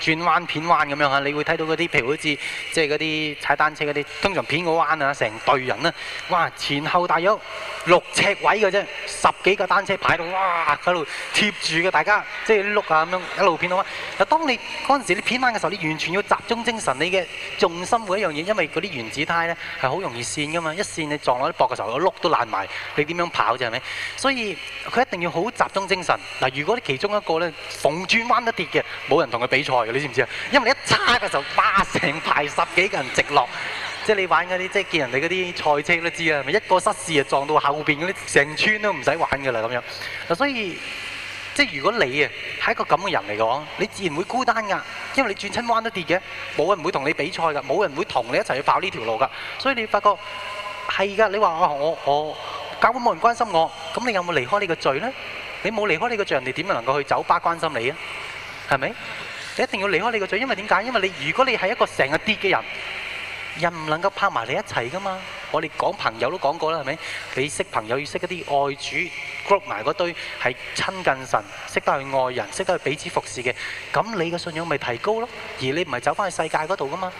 轉彎、片彎咁樣嚇，你會睇到嗰啲，譬如好似即係嗰啲踩單車嗰啲，通常片嗰彎啊，成隊人咧、啊，哇，前後大約六尺位嘅啫，十幾個單車排到哇，喺度貼住嘅，大家即係碌啊咁樣一路片到彎。嗱，當你嗰陣時你片彎嘅時候，你完全要集中精神，你嘅重心會一樣嘢，因為嗰啲原子胎咧係好容易線嘅嘛，一線你撞落啲薄嘅時候，個碌都爛埋，你點樣跑啫？係咪？所以佢一定要好集中精神。嗱，如果你其中一個咧轉彎都跌嘅，冇人同佢比賽嘅，你知唔知啊？因為你一叉嘅就哇，成排十幾個人直落，即係你玩嗰啲，即係見人哋嗰啲賽車都知啊，咪一個失事啊撞到後邊嗰啲，成村都唔使玩噶啦咁樣。嗱，所以即係如果你啊係一個咁嘅人嚟講，你自然會孤單噶，因為你轉親彎都跌嘅，冇人會同你比賽噶，冇人會同你一齊去跑呢條路噶。所以你發覺係噶，你話我我我根本冇人關心我，咁你有冇離開你個罪咧？你冇離開你個罪，人哋點樣能夠去酒吧關心你啊？係咪？你一定要離開你個罪，因為點解？因為你如果你係一個成日跌嘅人，人唔能夠拍埋你一齊噶嘛。我哋講朋友都講過啦，係咪？你識朋友要識一啲愛主 group 埋嗰堆，係親近神，識得去愛人，識得去彼此服侍嘅。咁你嘅信仰咪提高咯？而你唔係走翻去世界嗰度噶嘛？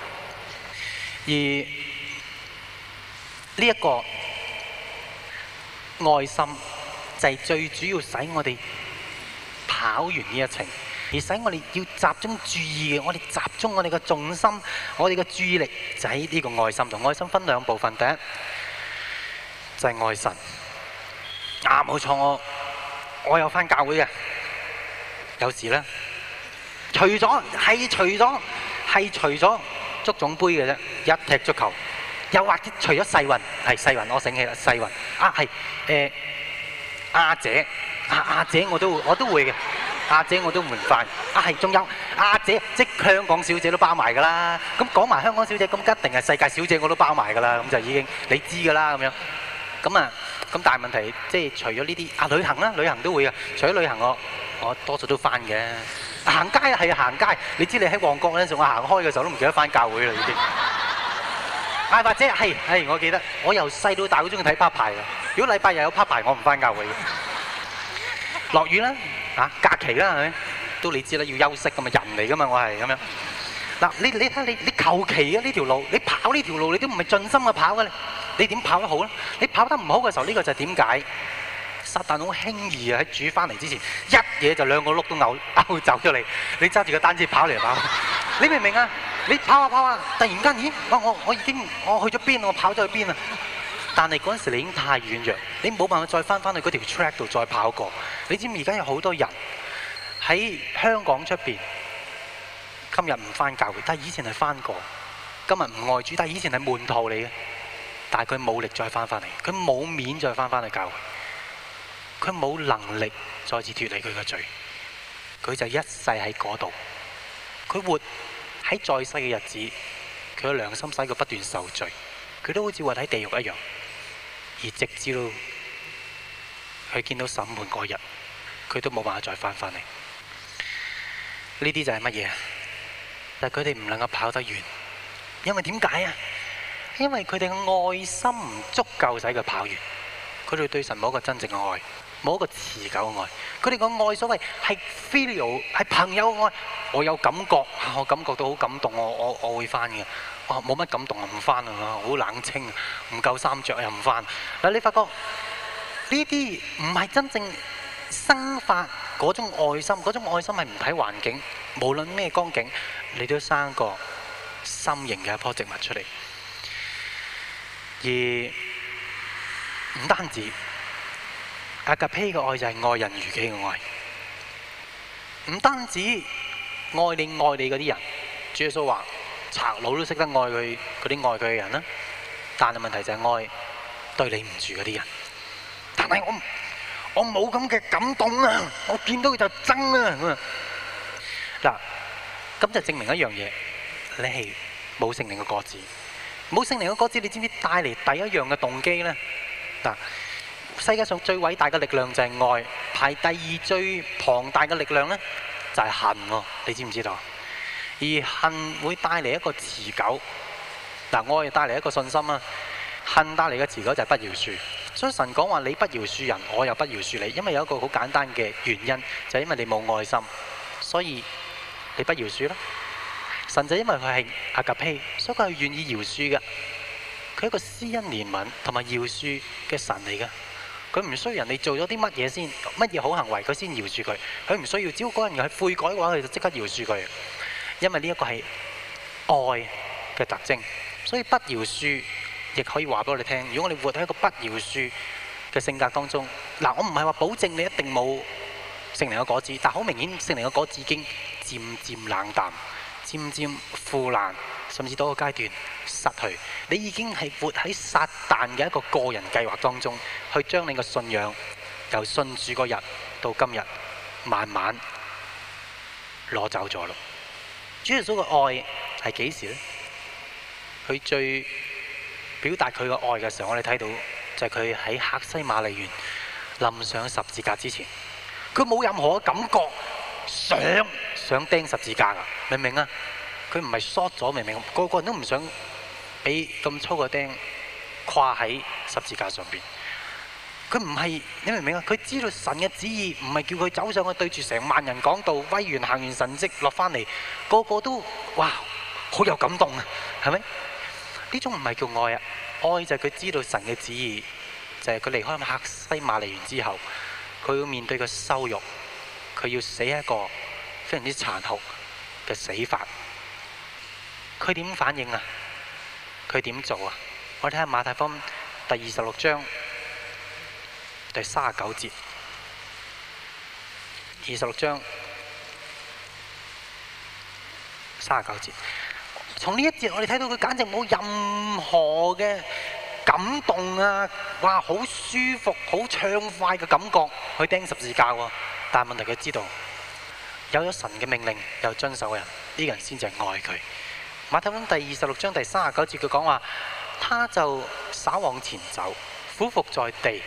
而呢一個愛心。最主要使我哋跑完呢一程，而使我哋要集中注意嘅，我哋集中我哋嘅重心，我哋嘅注意力就喺、是、呢個愛心同愛心分兩部分，第一就係、是、愛神。啊，冇錯，我我有返教會嘅，有時咧，除咗係除咗係除咗足總杯嘅啫，一踢足球，又或者除咗世運，係世運，我醒起啦，世運啊，係誒。欸阿、啊、姐，阿、啊、阿、啊、姐我都會我都會嘅，阿、啊、姐我都唔煩，阿係仲有，阿、啊、姐即香港小姐都包埋㗎啦。咁講埋香港小姐，咁一定係世界小姐我都包埋㗎啦。咁就已經你知㗎啦咁樣。咁啊，咁大問題即係除咗呢啲啊旅行啦、啊，旅行都會嘅。除咗旅行，我我多數都翻嘅、啊。行街係啊行街，你知你喺旺角嗰陣時，仲我行開嘅時候都唔記得翻教會啦呢啲。或者，係係、啊，我記得，我由細到大好中意睇趴牌嘅。如果禮拜日有趴牌，我唔翻教會嘅。落雨啦，嚇、啊，假期啦係咪，都你知啦，要休息嘅嘛，人嚟嘅嘛，我係咁樣。嗱、啊，你你睇你你求其啊呢條路，你跑呢條路你都唔係盡心去跑嘅、啊，你點跑得好咧？你跑得唔好嘅時候，呢、呢個就係點解？撒但好輕易啊！喺煮翻嚟之前，一嘢就兩個碌都牛牛走出嚟。你揸住個單車跑嚟跑，你明唔明啊？你跑啊跑啊！突然間，咦？我我已經我去咗邊啊？我跑咗去邊啊？但係嗰陣時你已經太軟弱，你冇辦法再翻翻去嗰條 track 度再跑過。你知唔知而家有好多人喺香港出邊？今日唔翻教會，但係以前係翻過；今日唔愛主，但係以前係門徒嚟嘅。但係佢冇力再翻翻嚟，佢冇面再翻翻去教會。佢冇能力再次脱離佢嘅罪，佢就一世喺嗰度。佢活喺在世嘅日子，佢嘅良心使佢不斷受罪，佢都好似活喺地獄一樣。而直至到佢見到審判嗰日，佢都冇辦法再翻返嚟。呢啲就係乜嘢？但係佢哋唔能夠跑得遠，因為點解啊？因為佢哋嘅愛心唔足夠，使佢跑完。佢哋對神冇一個真正嘅愛。冇一個持久愛，佢哋個愛所謂係 phileo，係朋友愛，我有感覺，我感覺到好感動，我我我會翻嘅。哦，冇乜感動啊，唔翻啊，好冷清啊，唔夠衫著又唔翻。嗱，你發覺呢啲唔係真正生發嗰種愛心，嗰種愛心係唔睇環境，無論咩光景，你都生個心形嘅一樖植物出嚟。而唔單止。阿格披嘅愛就係愛人如己嘅愛，唔單止愛你愛你嗰啲人，主耶穌話，賊佬都識得愛佢嗰啲愛佢嘅人啦。但係問題就係愛對你唔住嗰啲人，但係我我冇咁嘅感動啊！我見到佢就憎啊！咁啊，嗱，咁就證明一樣嘢，你係冇聖靈嘅果子，冇聖靈嘅果子，你知唔知帶嚟第一樣嘅動機咧？嗱。世界上最偉大嘅力量就係愛，排第二最龐大嘅力量呢，就係恨喎，你知唔知道？而恨會帶嚟一個持久，嗱，愛帶嚟一個信心啊，恨帶嚟嘅持久就係不饒恕。所以神講話你不饒恕人，我又不饒恕你，因為有一個好簡單嘅原因，就係因為你冇愛心，所以你不饒恕啦。神就因為佢係阿甲希，所以佢係願意饒恕嘅，佢係一個施恩憐憫同埋饒恕嘅神嚟嘅。佢唔需要人哋做咗啲乜嘢先，乜嘢好行為佢先饒恕佢。佢唔需要，只要個人係悔改嘅話，佢就即刻饒恕佢。因為呢一個係愛嘅特徵，所以不饒恕亦可以話俾我哋聽。如果我哋活喺一個不饒恕嘅性格當中，嗱，我唔係話保證你一定冇聖靈嘅果子，但好明顯聖靈嘅果子已經漸漸冷淡，漸漸腐爛。甚至到個階段失去，你已經係活喺撒旦嘅一個個人計劃當中，去將你嘅信仰由信主個日到今日慢慢攞走咗咯。主耶穌嘅愛係幾時呢？佢最表達佢嘅愛嘅時候，我哋睇到就係佢喺客西馬尼園臨上十字架之前，佢冇任何感覺，想想釘十字架㗎！明唔明啊？佢唔係縮咗，明明個個人都唔想俾咁粗個釘跨喺十字架上邊。佢唔係，你明唔明啊？佢知道神嘅旨意唔係叫佢走上去對住成萬人講道，威言行完神跡落翻嚟，個個都哇好有感動啊，係咪？呢種唔係叫愛啊，愛就係佢知道神嘅旨意，就係、是、佢離開客西馬尼園之後，佢要面對個羞辱，佢要死一個非常之殘酷嘅死法。佢點反應啊？佢點做啊？我哋睇下馬太福音第二十六章第三十九節，二十六章三十九節。從呢一節，我哋睇到佢，簡直冇任何嘅感動啊！哇，好舒服、好暢快嘅感覺去釘十字架喎、啊。但係問題，佢知道有咗神嘅命令又遵守嘅人，呢、呢個人先至係愛佢。馬太福音第二十六章第三十九節，佢講話，他就稍往前走，俯伏在地，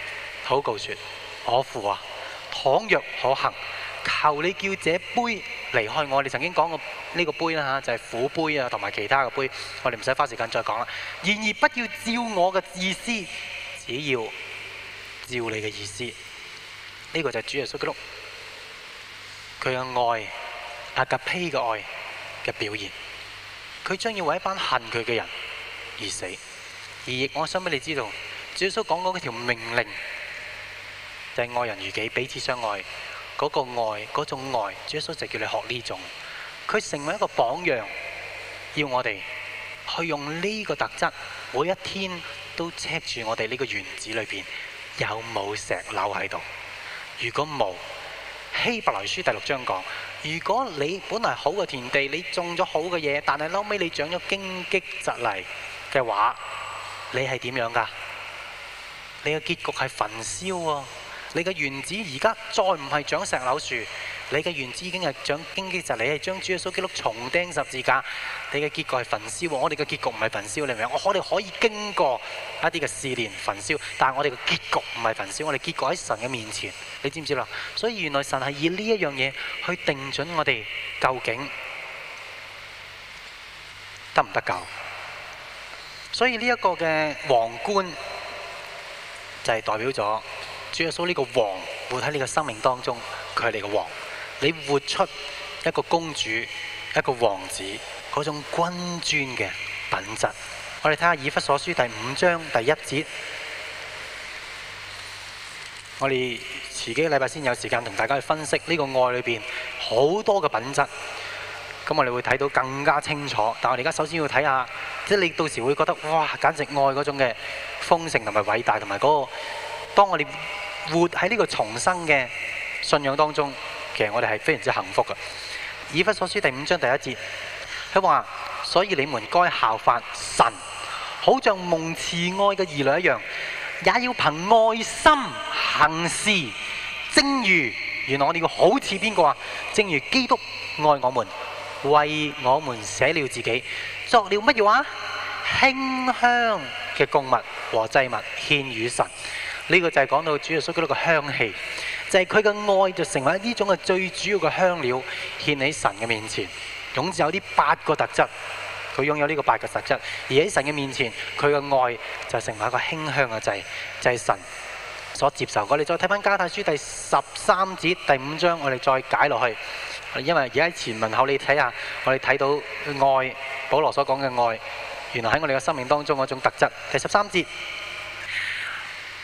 禱告說：我父啊，倘若可行，求你叫這杯離開我。你曾經講過呢個杯啦吓、啊，就係、是、苦杯啊，同埋其他嘅杯，我哋唔使花時間再講啦。然而不要照我嘅意思，只要照你嘅意思。呢、這個就係主耶穌基督佢嘅愛，阿格披嘅愛嘅表現。佢將要為一班恨佢嘅人而死，而亦我想俾你知道，耶穌講嗰條命令就係愛人如己，彼此相愛。嗰個愛，嗰種愛，耶穌就叫你學呢種。佢成為一個榜樣，要我哋去用呢個特質，每一天都 check 住我哋呢個園子裏邊有冇石漏喺度。如果冇，希伯來書第六章講。如果你本來好嘅田地，你種咗好嘅嘢，但係嬲尾你長咗荊棘蒺藜嘅話，你係點樣噶？你嘅結局係焚燒啊，你嘅園子而家再唔係長石榴樹。你嘅原資已經係將根基，就你係將主耶穌基督重釘十字架，你嘅結局係焚燒。我哋嘅結局唔係焚燒，你明唔明？我，我哋可以經過一啲嘅試煉焚燒，但係我哋嘅結局唔係焚燒，我哋結局喺神嘅面前，你知唔知啦？所以原來神係以呢一樣嘢去定準我哋究竟得唔得救。所以呢一個嘅皇冠就係代表咗主耶穌呢個王活喺你嘅生命當中，佢係你嘅王。你活出一個公主、一個王子嗰種君尊嘅品質。我哋睇下以弗所書第五章第一節。我哋遲幾個禮拜先有時間同大家去分析呢個愛裏邊好多嘅品質。咁我哋會睇到更加清楚。但我哋而家首先要睇下，即係你到時會覺得哇，簡直愛嗰種嘅豐盛同埋偉大，同埋嗰個當我哋活喺呢個重生嘅信仰當中。其實我哋係非常之幸福嘅。以弗所書第五章第一節，佢話：所以你們該效法神，好像蒙慈愛嘅兒女一樣，也要憑愛心行事。正如原來我哋要好似邊個啊？正如基督愛我們，為我們捨了自己，作了乜嘢話？馨香嘅供物和祭物獻與神。呢、這個就係講到主耶穌基督嘅香氣。就係佢嘅愛就成為呢種嘅最主要嘅香料獻喺神嘅面前，總之有呢八個特質，佢擁有呢個八個特質，而喺神嘅面前，佢嘅愛就成為一個馨香嘅祭，就係神所接受。我哋再睇翻加太書第十三節第五章，我哋再解落去，因為而家喺前文後，你睇下，我哋睇到愛，保羅所講嘅愛，原來喺我哋嘅生命當中嗰種特質，第十三節。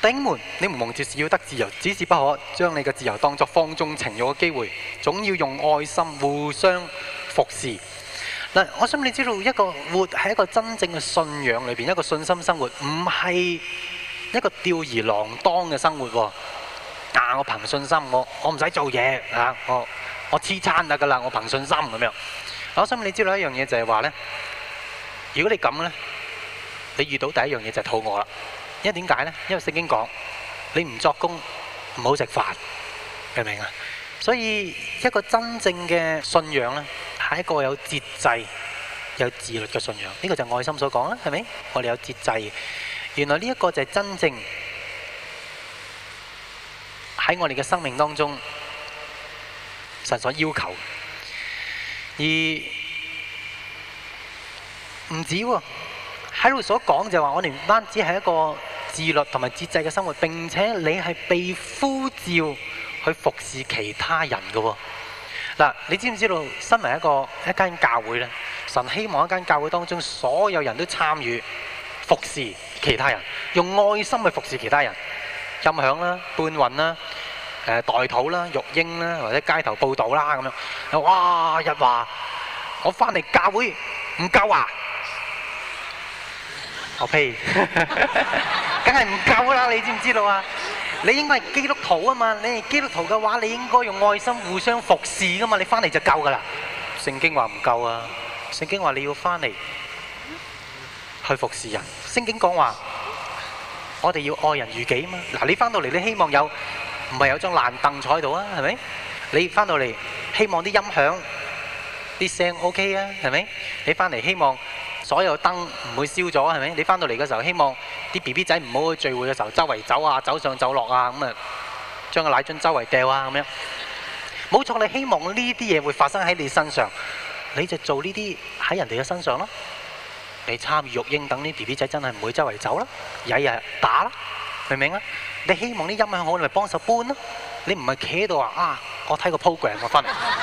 弟兄們，你們蒙召是要得自由，只是不可將你嘅自由當作放縱情欲嘅機會，總要用愛心互相服侍。嗱，我想你知道一個活喺一個真正嘅信仰裏邊，一個信心生活，唔係一個吊兒郎當嘅生活。啊，我憑信心，我我唔使做嘢啊，我我黐餐啦噶啦，我憑信心咁樣。我想你知道一樣嘢就係話呢：如果你咁呢，你遇到第一樣嘢就係肚餓啦。因為點解呢？因為聖經講，你唔作工唔好食飯，明唔明啊？所以一個真正嘅信仰呢，係一個有節制、有自律嘅信仰。呢個就係愛心所講啦，係咪？我哋有節制。原來呢一個就係真正喺我哋嘅生命當中神所要求。而唔止喎。喺度所講就係話，我哋唔單止係一個自律同埋節制嘅生活，並且你係被呼召去服侍其他人嘅喎。嗱、啊，你知唔知道，身為一個一間教會呢，神希望一間教會當中所有人都參與服侍其他人，用愛心去服侍其他人，音響啦、搬運啦、誒、呃、代禱啦、育嬰啦，或者街頭佈道啦咁樣。哇！日華話我翻嚟教會唔夠啊！我屁，梗係唔夠啦！你知唔知道啊？你應該係基督徒啊嘛！你係基督徒嘅話，你應該用愛心互相服侍噶嘛！你翻嚟就夠噶啦。聖經話唔夠啊，聖經話你要翻嚟去服侍人。聖經講話我哋要愛人如己啊嘛！嗱，你翻到嚟你希望有唔係有張爛凳坐喺度啊？係咪？你翻到嚟希望啲音響啲聲 OK 啊？係咪？你翻嚟希望。所有燈唔會燒咗係咪？你翻到嚟嘅時候，希望啲 B B 仔唔好去聚會嘅時候周圍走啊，走上走落啊，咁啊，將個奶樽周圍掉啊，咁樣。冇錯，你希望呢啲嘢會發生喺你身上，你就做呢啲喺人哋嘅身上咯。你參與育嬰，等啲 B B 仔真係唔會周圍走啦、啊，曳啊打啦，明唔明啊？你希望啲音響好，你咪幫手搬咯、啊。你唔係企喺度話啊，我睇個 program，我翻嚟。 <laughs>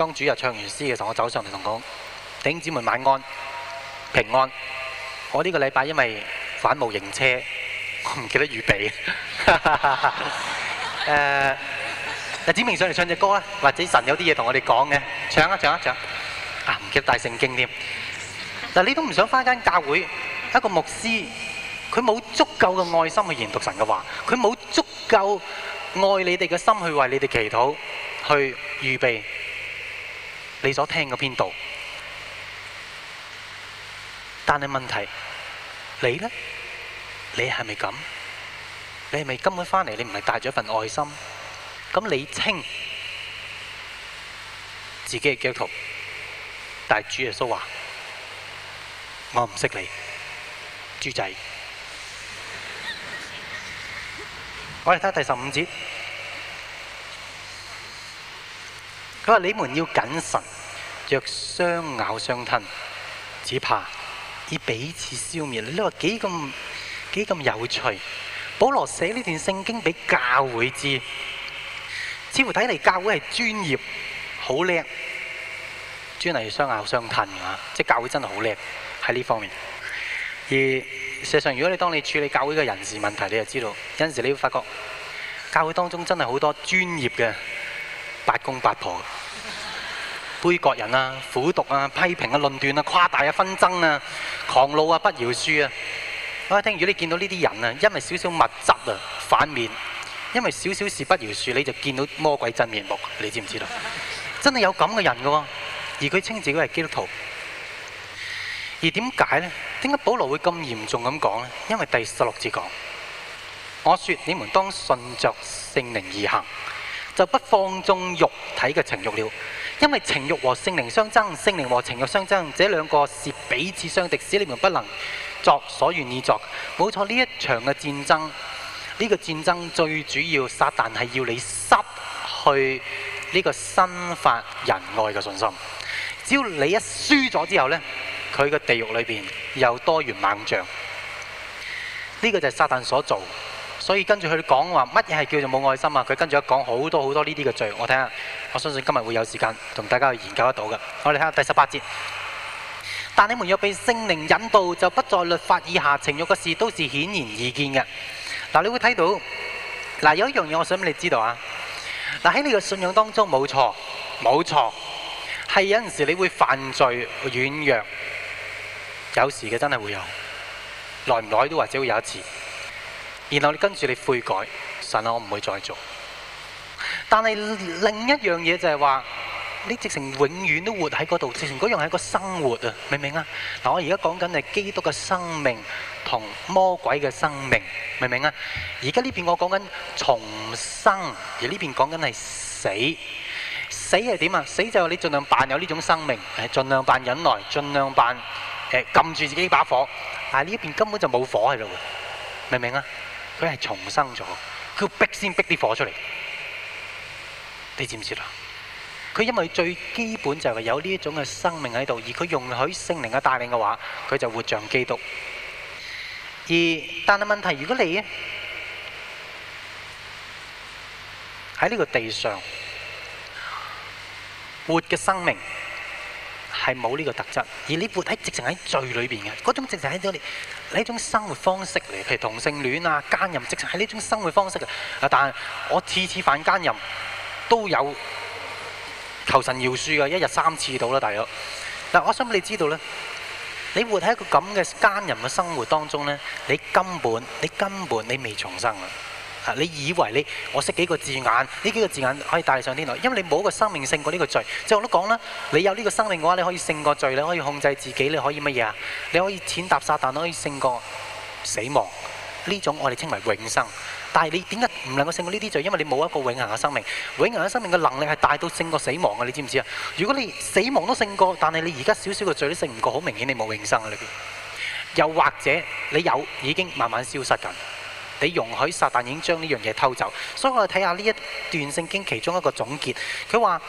當主日唱完詩嘅時候，我走上嚟同講：弟兄姊妹晚安、平安。我呢個禮拜因為反模型車，我唔記得預備。誒，嗱，子明上嚟唱隻歌啊！或者神有啲嘢同我哋講嘅，唱一唱一唱。啊，唔記得帶聖經添。嗱，你都唔想返間教會，一個牧師佢冇足夠嘅愛心去研讀神嘅話，佢冇足夠愛你哋嘅心去為你哋祈禱，去預備。你所聽嘅篇道，但係問題，你呢？你係咪咁？你係咪今晚返嚟？你唔係帶咗份愛心？咁你稱自己嘅基督徒，但係主耶穌話：我唔識你，豬仔。 <laughs> 我哋睇下第十五節。佢話：你們要謹慎，若相咬相吞，只怕以彼此消滅。你話幾咁幾咁有趣？保羅寫呢段聖經俾教會知，似乎睇嚟教會係專業，好叻，專嚟相咬相吞㗎。即係教會真係好叻喺呢方面。而事實上，如果你當你處理教會嘅人事問題，你就知道有陣時你會發覺，教會當中真係好多專業嘅。八公八婆，杯葛人啊，苦毒啊，批評啊，論斷啊，誇大啊，紛爭啊，狂怒啊，不饒恕啊！我聽如果你見到呢啲人啊，因為少少物質啊反面，因為少少事不饒恕，你就見到魔鬼真面目。你知唔知道？ <laughs> 真係有咁嘅人㗎，而佢稱自己係基督徒。而點解呢？點解保羅會咁嚴重咁講呢？因為第十六節講：我說你們當順着聖靈而行。就不放縱肉體嘅情慾了，因為情慾和聖靈相爭，聖靈和情慾相爭，這兩個是彼此相敵，使你們不能作所願意作。冇錯，呢一場嘅戰爭，呢、這個戰爭最主要，撒旦係要你失去呢個生發仁愛嘅信心。只要你一輸咗之後呢，佢嘅地獄裏邊又多員猛將。呢、這個就係撒旦所做。所以跟住佢講話，乜嘢係叫做冇愛心啊？佢跟住一講好多好多呢啲嘅罪。我睇下，我相信今日會有時間同大家去研究得到嘅。我哋睇下第十八節，但你們若被聖靈引導，就不在律法以下情慾嘅事，都是顯然易見嘅。嗱，你會睇到，嗱，有一樣嘢，我想俾你知道啊。嗱，喺你嘅信仰當中，冇錯，冇錯，係有陣時你會犯罪軟弱，有時嘅真係會有，耐唔耐都或者會有一次。然後你跟住你悔改，神啦，我唔會再做。但係另一樣嘢就係話，你直情永遠都活喺嗰度，直情嗰樣係個生活啊，明唔明啊？嗱，我而家講緊係基督嘅生命同魔鬼嘅生命，明唔明啊？而家呢邊我講緊重生，而呢邊講緊係死。死係點啊？死就係你儘量扮有呢種生命，誒，儘量扮忍耐，儘量扮誒、呃、撳住自己把火，但係呢邊根本就冇火喺度，明唔明啊？佢係重生咗，佢逼先逼啲火出嚟。你知唔知啊？佢因為最基本就係有呢一種嘅生命喺度，而佢容許聖靈嘅帶領嘅話，佢就活像基督。而但係問題，如果你啊喺呢個地上活嘅生命。係冇呢個特質，而你活喺直情喺罪裏邊嘅，嗰種直情喺度。你，係一種生活方式嚟，譬如同性戀啊、奸淫直情係呢種生活方式嘅。啊，但係我次次犯奸淫都有求神饒恕嘅，一日三次到啦，大概。嗱，我想俾你知道咧，你活喺一個咁嘅奸淫嘅生活當中咧，你根本，你根本，你未重生啊！你以為你我識幾個字眼？呢幾個字眼可以帶你上天堂？因為你冇一個生命勝過呢個罪。即係我都講啦，你有呢個生命嘅話，你可以勝過罪，你可以控制自己，你可以乜嘢啊？你可以踐踏撒，撒旦，可以勝過死亡。呢種我哋稱為永生。但係你點解唔能夠勝過呢啲罪？因為你冇一個永恆嘅生命。永恆嘅生命嘅能力係大到勝過死亡嘅，你知唔知啊？如果你死亡都勝過，但係你而家少少嘅罪都勝唔過，好明顯你冇永生啊！呢邊又或者你有已經慢慢消失緊。你容許撒旦已經將呢樣嘢偷走，所以我哋睇下呢一段聖經其中一個總結，佢話：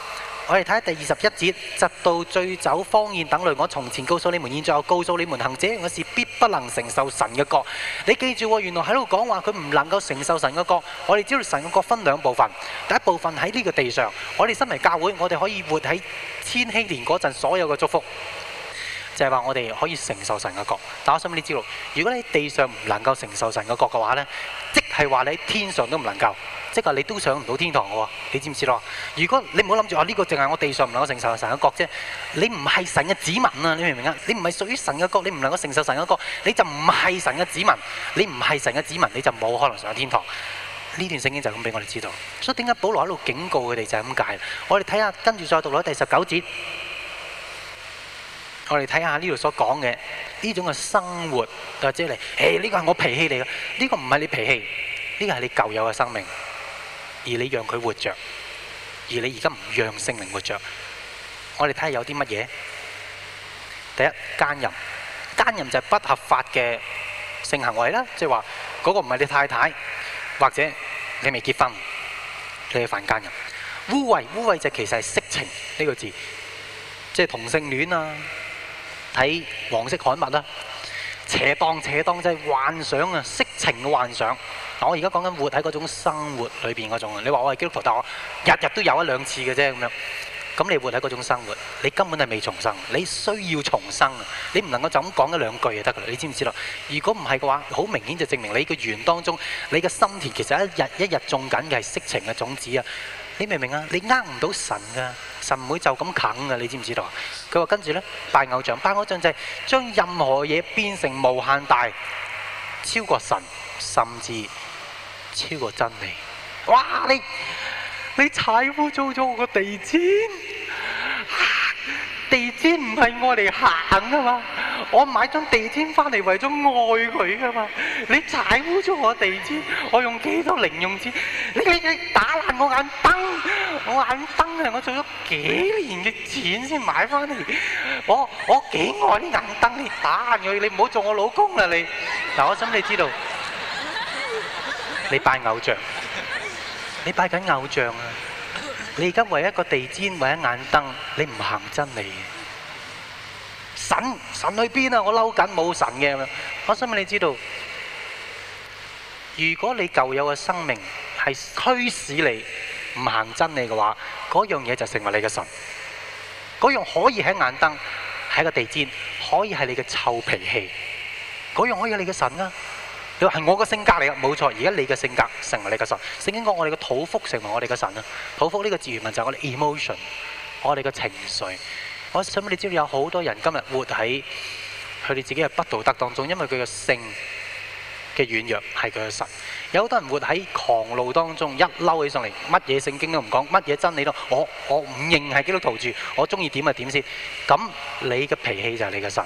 我哋睇下第二十一節，直到醉酒、荒宴等類，我從前告訴你們，現在又告訴你們，行這樣嘅事必不能承受神嘅國。你記住，原來喺度講話佢唔能夠承受神嘅國。我哋知道神嘅國分兩部分，第一部分喺呢個地上，我哋身為教會，我哋可以活喺千禧年嗰陣所有嘅祝福。就係話我哋可以承受神嘅國，但係我想俾你知道，如果你地上唔能夠承受神嘅國嘅話咧，即係話你喺天上都唔能夠，即係話你都上唔到天堂嘅喎，你知唔知咯？如果你唔好諗住話呢個淨係我地上唔能夠承受神嘅國啫，你唔係神嘅子民啊！你明唔明啊？你唔係屬於神嘅國，你唔能夠承受神嘅國，你就唔係神嘅子民，你唔係神嘅子民，你就冇可能上到天堂。呢段聖經就咁俾我哋知道，所以點解保羅一路警告佢哋就係咁解。我哋睇下跟住再讀落第十九節。我哋睇下呢度所講嘅呢種嘅生活，就係即係你。誒呢個係我脾氣嚟嘅，呢個唔係你脾氣，呢個係你舊有嘅生命，而你讓佢活着，而你而家唔讓性靈活着。我哋睇下有啲乜嘢？第一，奸淫，奸淫就係不合法嘅性行為啦，即係話嗰個唔係你太太，或者你未結婚，你係犯奸淫。污穢，污穢就其實係色情呢個字，即係同性戀啊。睇黃色刊物啦，邪當，邪當即係幻想啊，色情嘅幻想。我而家講緊活喺嗰種生活裏邊嗰種啊。你話我係基督徒，但我日日都有一兩次嘅啫咁樣。咁你活喺嗰種生活，你根本係未重生，你需要重生啊！你唔能夠就咁講一兩句就得㗎啦。你知唔知道？如果唔係嘅話，好明顯就證明你個園當中，你嘅心田其實一日一日種緊嘅係色情嘅種子啊！你明唔明啊？你呃唔到神噶，神唔會就咁啃噶，你知唔知道啊？佢話跟住呢，拜偶像，拜偶像就係將任何嘢變成無限大，超過神，甚至超過真理。哇！你你踩污糟咗我個地氈。地氈唔係我嚟行噶嘛，我買張地氈翻嚟為咗愛佢噶嘛。你踩污糟我地氈，我用幾多零用錢？你你，你打爛我眼燈，我眼燈係我做咗幾年嘅錢先買翻嚟。我我幾愛啲眼燈，你打爛佢，你唔好做我老公啦你。嗱，我心你知道，你拜偶像，你拜緊偶像啊！你而家為一個地氈，為一眼燈，你唔行真理嘅神，神去邊啊？我嬲緊冇神嘅。我想問你知道，如果你舊有嘅生命係驅使你唔行真理嘅話，嗰樣嘢就成為你嘅神。嗰樣可以係眼燈，係一個地氈，可以係你嘅臭脾氣，嗰樣可以係你嘅神啊！係我個性格嚟噶，冇錯。而家你嘅性格成為你嘅神。聖經講我哋嘅土福成為我哋嘅神啊。土福呢個字原文就係我哋 emotion，我哋嘅情緒。我想俾你知道有好多人今日活喺佢哋自己嘅不道德當中，因為佢嘅性嘅軟弱係佢嘅神。有好多人活喺狂怒當中一，一嬲起上嚟，乜嘢聖經都唔講，乜嘢真理都，我我唔認係基督徒住，我中意點就點先。咁你嘅脾氣就係你嘅神。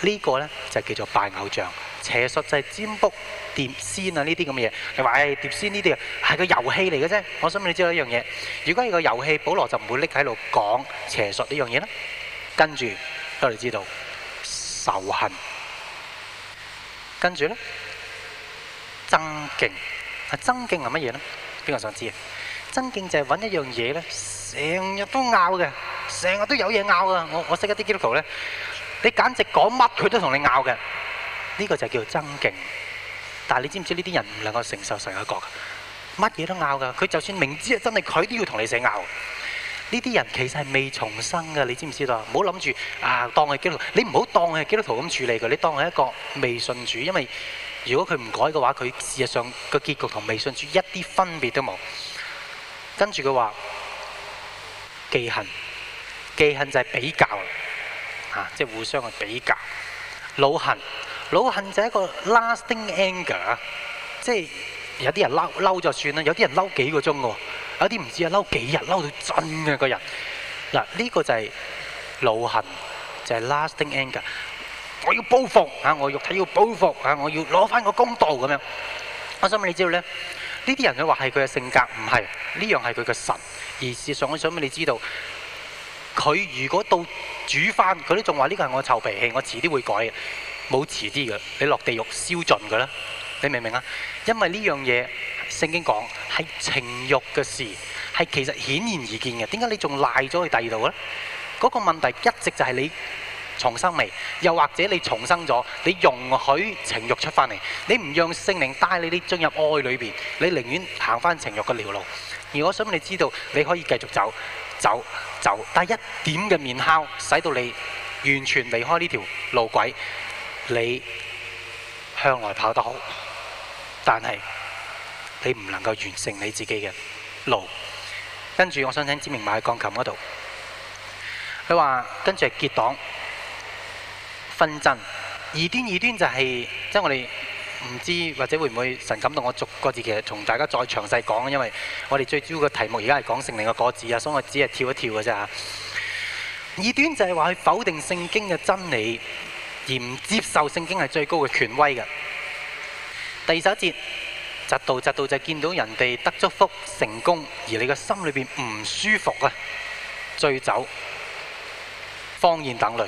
這個、呢個咧，就叫做拜偶像。邪術就係占卜、碟仙啊呢啲咁嘅嘢，你話誒碟仙呢啲啊係個遊戲嚟嘅啫。我想畀你知道一樣嘢，如果係個遊戲，保羅就唔會拎喺度講邪術呢樣嘢啦。跟住我哋知道仇恨，跟住咧爭競啊，爭競係乜嘢咧？邊個想知啊？爭競就係揾一樣嘢咧，成日都拗嘅，成日都有嘢拗㗎。我我識一啲基督徒咧，你簡直講乜佢都同你拗嘅。呢個就係叫做爭競，但係你知唔知呢啲人唔能夠承受神嘅國㗎，乜嘢都拗㗎。佢就算明知係真係，佢都要同你死拗。呢啲人其實係未重生嘅，你知唔知道啊？唔好諗住啊，當係基督徒，你唔好當係基督徒咁處理佢，你當係一個未信主，因為如果佢唔改嘅話，佢事實上個結局同未信主一啲分別都冇。跟住佢話記恨，記恨就係比較，啊，即係互相嘅比較，老恨。老恨就係一個 lasting anger，即係有啲人嬲嬲就算啦，有啲人嬲幾個鐘喎，有啲唔知啊，嬲幾日嬲到震嘅個人。嗱，呢個就係老恨，就係 lasting anger。我要報復嚇，我肉體要報復嚇，我要攞翻個公道咁樣。我想畀你知道咧？呢啲人佢話係佢嘅性格，唔係，呢樣係佢嘅神。而事實上我想畀你知道，佢如果到煮翻，佢都仲話呢個係我嘅臭脾氣，我遲啲會改嘅。冇遲啲嘅，你落地獄燒盡嘅啦，你明唔明啊？因為呢樣嘢聖經講係情欲嘅事，係其實顯然而見嘅。點解你仲賴咗去第二度呢？嗰個問題一直就係你重生未，又或者你重生咗，你容許情欲出返嚟，你唔讓聖靈帶你啲進入愛裏邊，你寧願行返情欲嘅條路。而我想你知道，你可以繼續走，走，走，但一點嘅面敲，使到你完全離開呢條路軌。你向來跑得好，但係你唔能夠完成你自己嘅路。跟住我想請志明埋喺鋼琴嗰度。佢話跟住係結黨、紛爭、異端、異端就係、是、即係我哋唔知或者會唔會神感動我逐個字其實同大家再詳細講，因為我哋最主要嘅題目而家係講聖靈嘅果子啊，所以我只係跳一跳嘅啫。異端就係話去否定聖經嘅真理。而唔接受聖經係最高嘅權威嘅。第二十一節，嫉妒、嫉妒就見到人哋得祝福、成功，而你嘅心裏邊唔舒服啊！醉酒、荒宴等類。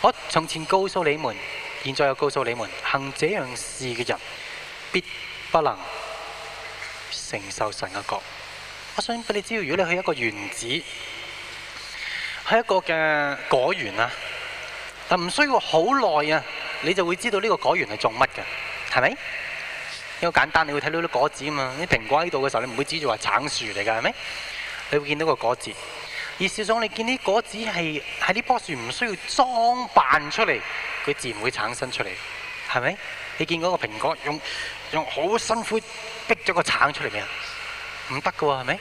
我從前告訴你們，現在又告訴你們，行這樣事嘅人，必不能承受神嘅國。我想俾你知道，如果你去一個園子，去一個嘅果園啊。唔需要好耐啊，你就會知道呢個果園係種乜嘅，係咪？因為簡單，你會睇到啲果子啊嘛。啲蘋果喺度嘅時候，你唔會指住話橙樹嚟㗎，係咪？你會見到個果子。而事實上，你見啲果子係喺呢樖樹唔需要裝扮出嚟，佢自然會產生出嚟，係咪？你見嗰個蘋果用用好辛苦逼咗個橙出嚟未？唔得㗎喎，係咪？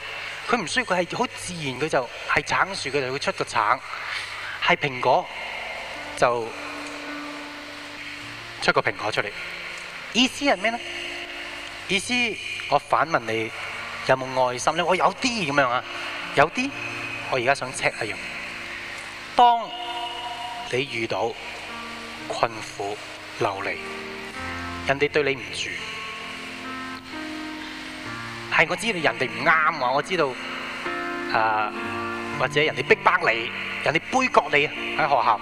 佢唔需要，佢係好自然，佢就係橙樹，佢就會出個橙，係蘋果，就出個蘋果出嚟，意思係咩呢？意思我反問你有冇愛心呢？我有啲咁樣啊，有啲我而家想 check 下嘅。當你遇到困苦流離，人哋對你唔住，係我知道人哋唔啱我，我知道誒、呃，或者人哋逼迫你，人哋杯葛你喺學校。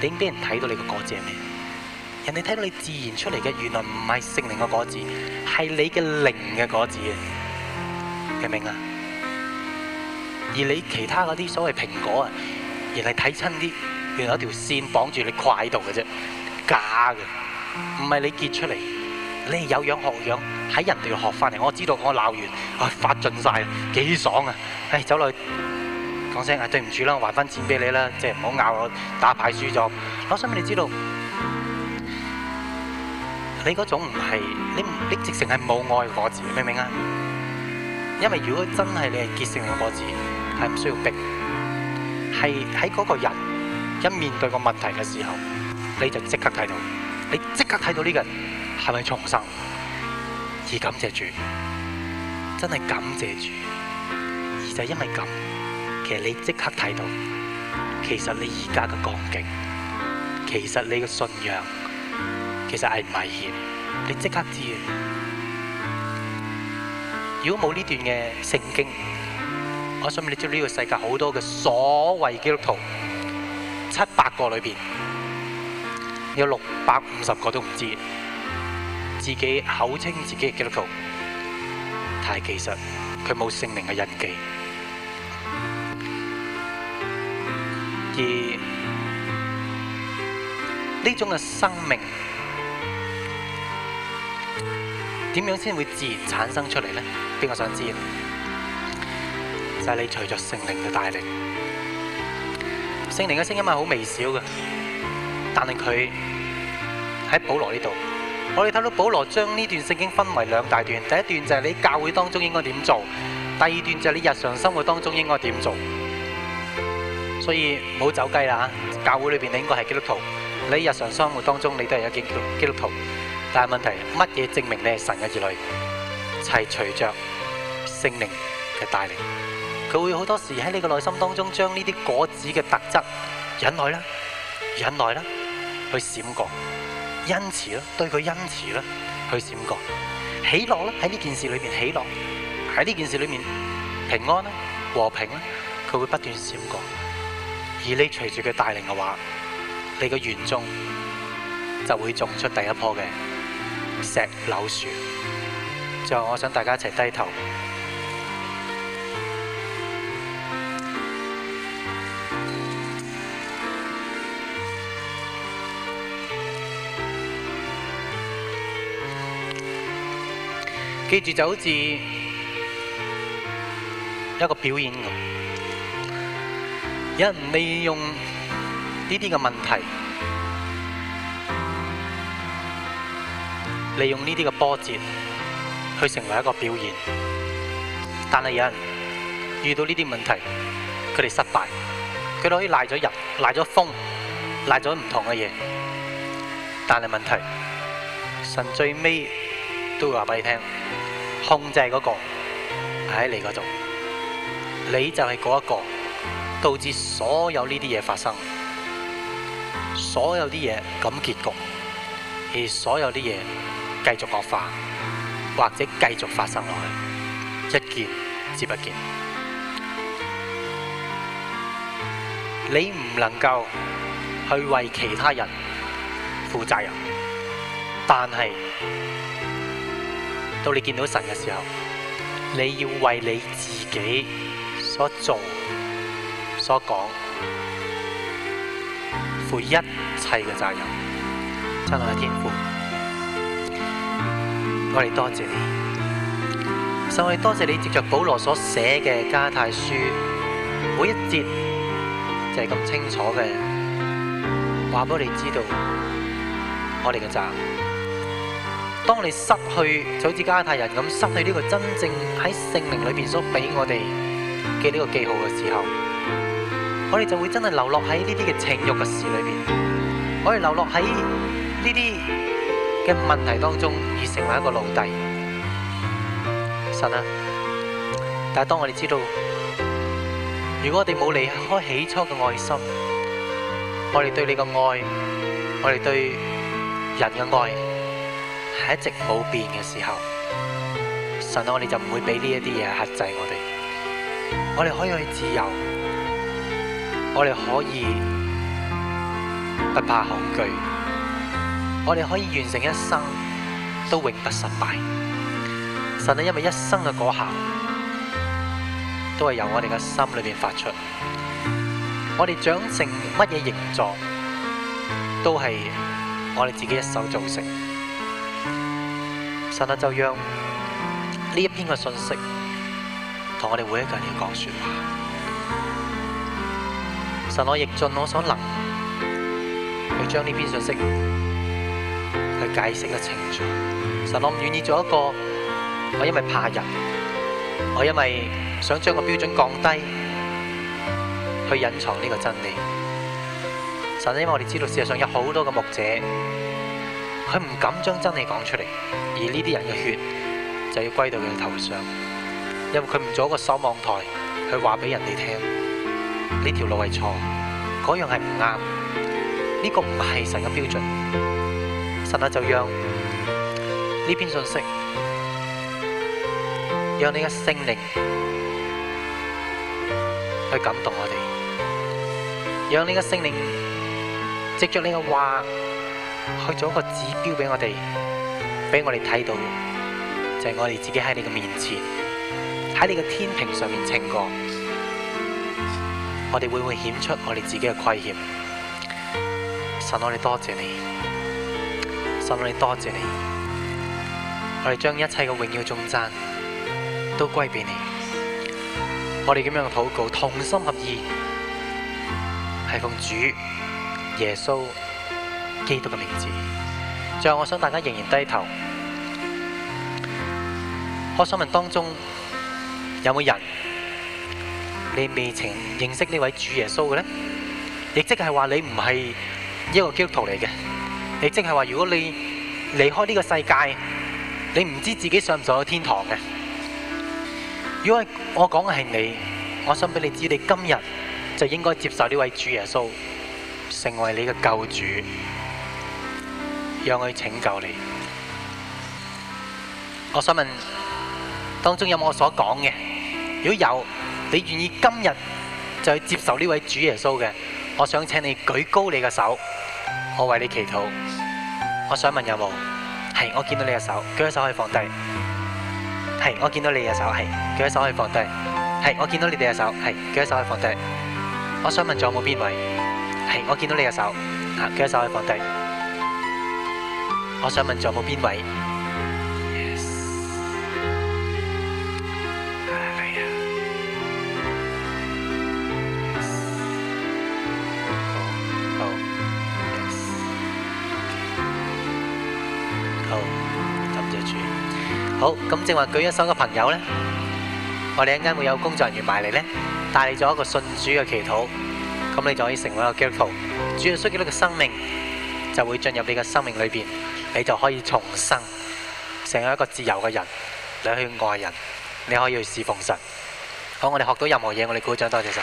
點俾人睇到你個果子係咩？人哋睇到你自然出嚟嘅，原來唔係聖靈嘅果子，係你嘅靈嘅果子嘅，明唔明啊？而你其他嗰啲所謂蘋果啊，人哋睇親啲，原來有條線綁住你掛喺度嘅啫，假嘅，唔係你結出嚟，你係有樣學樣，喺人哋學翻嚟。我知道我鬧完，我、哎、發盡晒，幾爽啊！唉、哎，走落去。講聲啊，對唔住啦，我還翻錢俾你啦，即係唔好咬我，打牌輸咗。我想俾你知道，你嗰種唔係，你你直情係冇愛嘅果子，明唔明啊？因為如果真係你係結性嘅果子，係唔需要逼，係喺嗰個人一面對個問題嘅時候，你就即刻睇到，你即刻睇到呢個人係咪重生？而感謝主，真係感謝主，而就是因為咁。其實你即刻睇到，其實你而家嘅光景，其實你嘅信仰，其實係唔危險。你即刻知。如果冇呢段嘅聖經，我想問你知呢個世界好多嘅所謂基督徒，七百個裏邊，有六百五十個都唔知自己口稱自己嘅基督徒，但係其實佢冇聖靈嘅印記。而呢種嘅生命點樣先會自然產生出嚟呢？邊個想知？就係你隨著聖靈嘅帶領，聖靈嘅聲音係好微小嘅，但係佢喺保羅呢度，我哋睇到保羅將呢段聖經分為兩大段，第一段就係你教會當中應該點做，第二段就係你日常生活當中應該點做。所以唔好走雞啦嚇！教會裏邊你應該係基督徒，你日常生活當中你都係一個基督徒。但係問題乜嘢證明你係神嘅子女？係隨着聖靈嘅帶領，佢會好多時喺你嘅內心當中將呢啲果子嘅特質忍耐啦、忍耐啦，去閃過恩慈啦，對佢恩慈啦，去閃過喜樂啦，喺呢件事裏面喜樂，喺呢件事裏面平安啦、和平啦，佢會不斷閃過。以你隨住佢帶領嘅話，你個園中就會種出第一棵嘅石榴樹。最後，我想大家一齊低頭。記住，就好似一個表演咁。有人利用呢啲嘅問題，利用呢啲嘅波折去成為一個表演，但係有人遇到呢啲問題，佢哋失敗，佢可以賴咗人，賴咗風，賴咗唔同嘅嘢，但係問題，神最尾都會話俾你聽，控制嗰個係喺你嗰度，你就係嗰一個。導致所有呢啲嘢發生，所有啲嘢咁結局，而所有啲嘢繼續惡化，或者繼續發生落去，一件接一件。你唔能夠去為其他人負責任，但係到你見到神嘅時候，你要為你自己所做。多講負一切嘅責任，真係天父，我哋多謝，謝你，神，我哋多謝你，藉着，保羅所寫嘅加泰書，每一節就係咁清楚嘅話，俾你知道我哋嘅責任。當你失去，就好似加泰人咁失去呢個真正喺聖靈裏邊所俾我哋嘅呢個記號嘅時候。我哋就會真係流落喺呢啲嘅情欲嘅事裏邊，我哋流落喺呢啲嘅問題當中，而成為一個奴隸。神啊！但係當我哋知道，如果我哋冇離開起初嘅愛心，我哋對你嘅愛，我哋對人嘅愛係一直冇變嘅時候，神啊！我哋就唔會俾呢一啲嘢克制我哋，我哋可以去自由。我哋可以不怕恐懼，我哋可以完成一生都永不失敗。神啊，因為一生嘅果效都係由我哋嘅心裏面發出，我哋長成乜嘢形狀都係我哋自己一手造成。神啊，就讓呢一篇嘅信息同我哋每一個人講說話。神我亦盡我所能去將呢篇信息去解釋得清楚。神我唔願意做一個，我因為怕人，我因為想將個標準降低，去隱藏呢個真理。神因為我哋知道世界上有好多嘅牧者，佢唔敢將真理講出嚟，而呢啲人嘅血就要歸到佢頭上，因為佢唔做一個守望台去話俾人哋聽。呢條路係錯，嗰樣係唔啱，呢、這個唔係神嘅標準。神啊，就讓呢篇信息，讓你嘅聖靈去感動我哋，讓你嘅聖靈借着你嘅話，去做一個指標俾我哋，俾我哋睇到，就係、是、我哋自己喺你嘅面前，喺你嘅天平上面稱過。我哋會唔會顯出我哋自己嘅虧欠？神，我哋多謝你，神，我哋多謝你。我哋將一切嘅榮耀頌讚都歸俾你。我哋噉樣嘅禱告同心合意，係奉主耶穌基督嘅名字。最後，我想大家仍然低頭。我想問當中有冇人？你未曾認識呢位主耶穌嘅咧，亦即係話你唔係一個基督徒嚟嘅，亦即係話如果你離開呢個世界，你唔知自己上唔上到天堂嘅。如果我講嘅係你，我想俾你知，你今日就應該接受呢位主耶穌，成為你嘅救主，讓佢拯救你。我想問，當中有冇我所講嘅？如果有。你願意今日再接受呢位主耶穌嘅？我想請你舉高你嘅手，我為你祈禱。我想問有冇？係，我見到你嘅手，舉起手可以放低。係，我見到你嘅手，係，舉起手可以放低。係，我見到你哋嘅手，係，舉起手可以放低。我想問仲有冇邊位？係，我見到你嘅手，舉起手可以放低。我想問仲有冇邊位？好，咁正話舉一手嘅朋友呢，我哋一陣間會有工作人員埋嚟呢，帶你做一個信主嘅祈禱，咁你就可以成為一個基督徒，主嘅需要呢個生命就會進入你嘅生命裏邊，你就可以重生，成為一個自由嘅人，你去愛人，你可以去侍奉神。好，我哋學到任何嘢，我哋鼓掌，多謝神。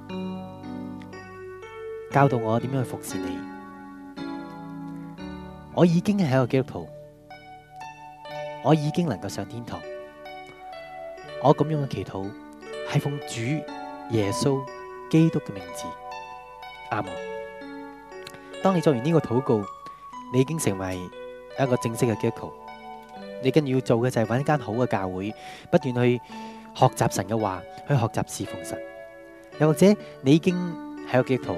教導我點樣去服侍你，我已經係一個基督徒，我已經能夠上天堂。我咁樣嘅祈禱係奉主耶穌基督嘅名字，阿門。當你做完呢個禱告，你已經成為一個正式嘅基督徒。你跟住要做嘅就係揾一間好嘅教會，不斷去學習神嘅話，去學習侍奉神。又或者你已經係一個基督徒。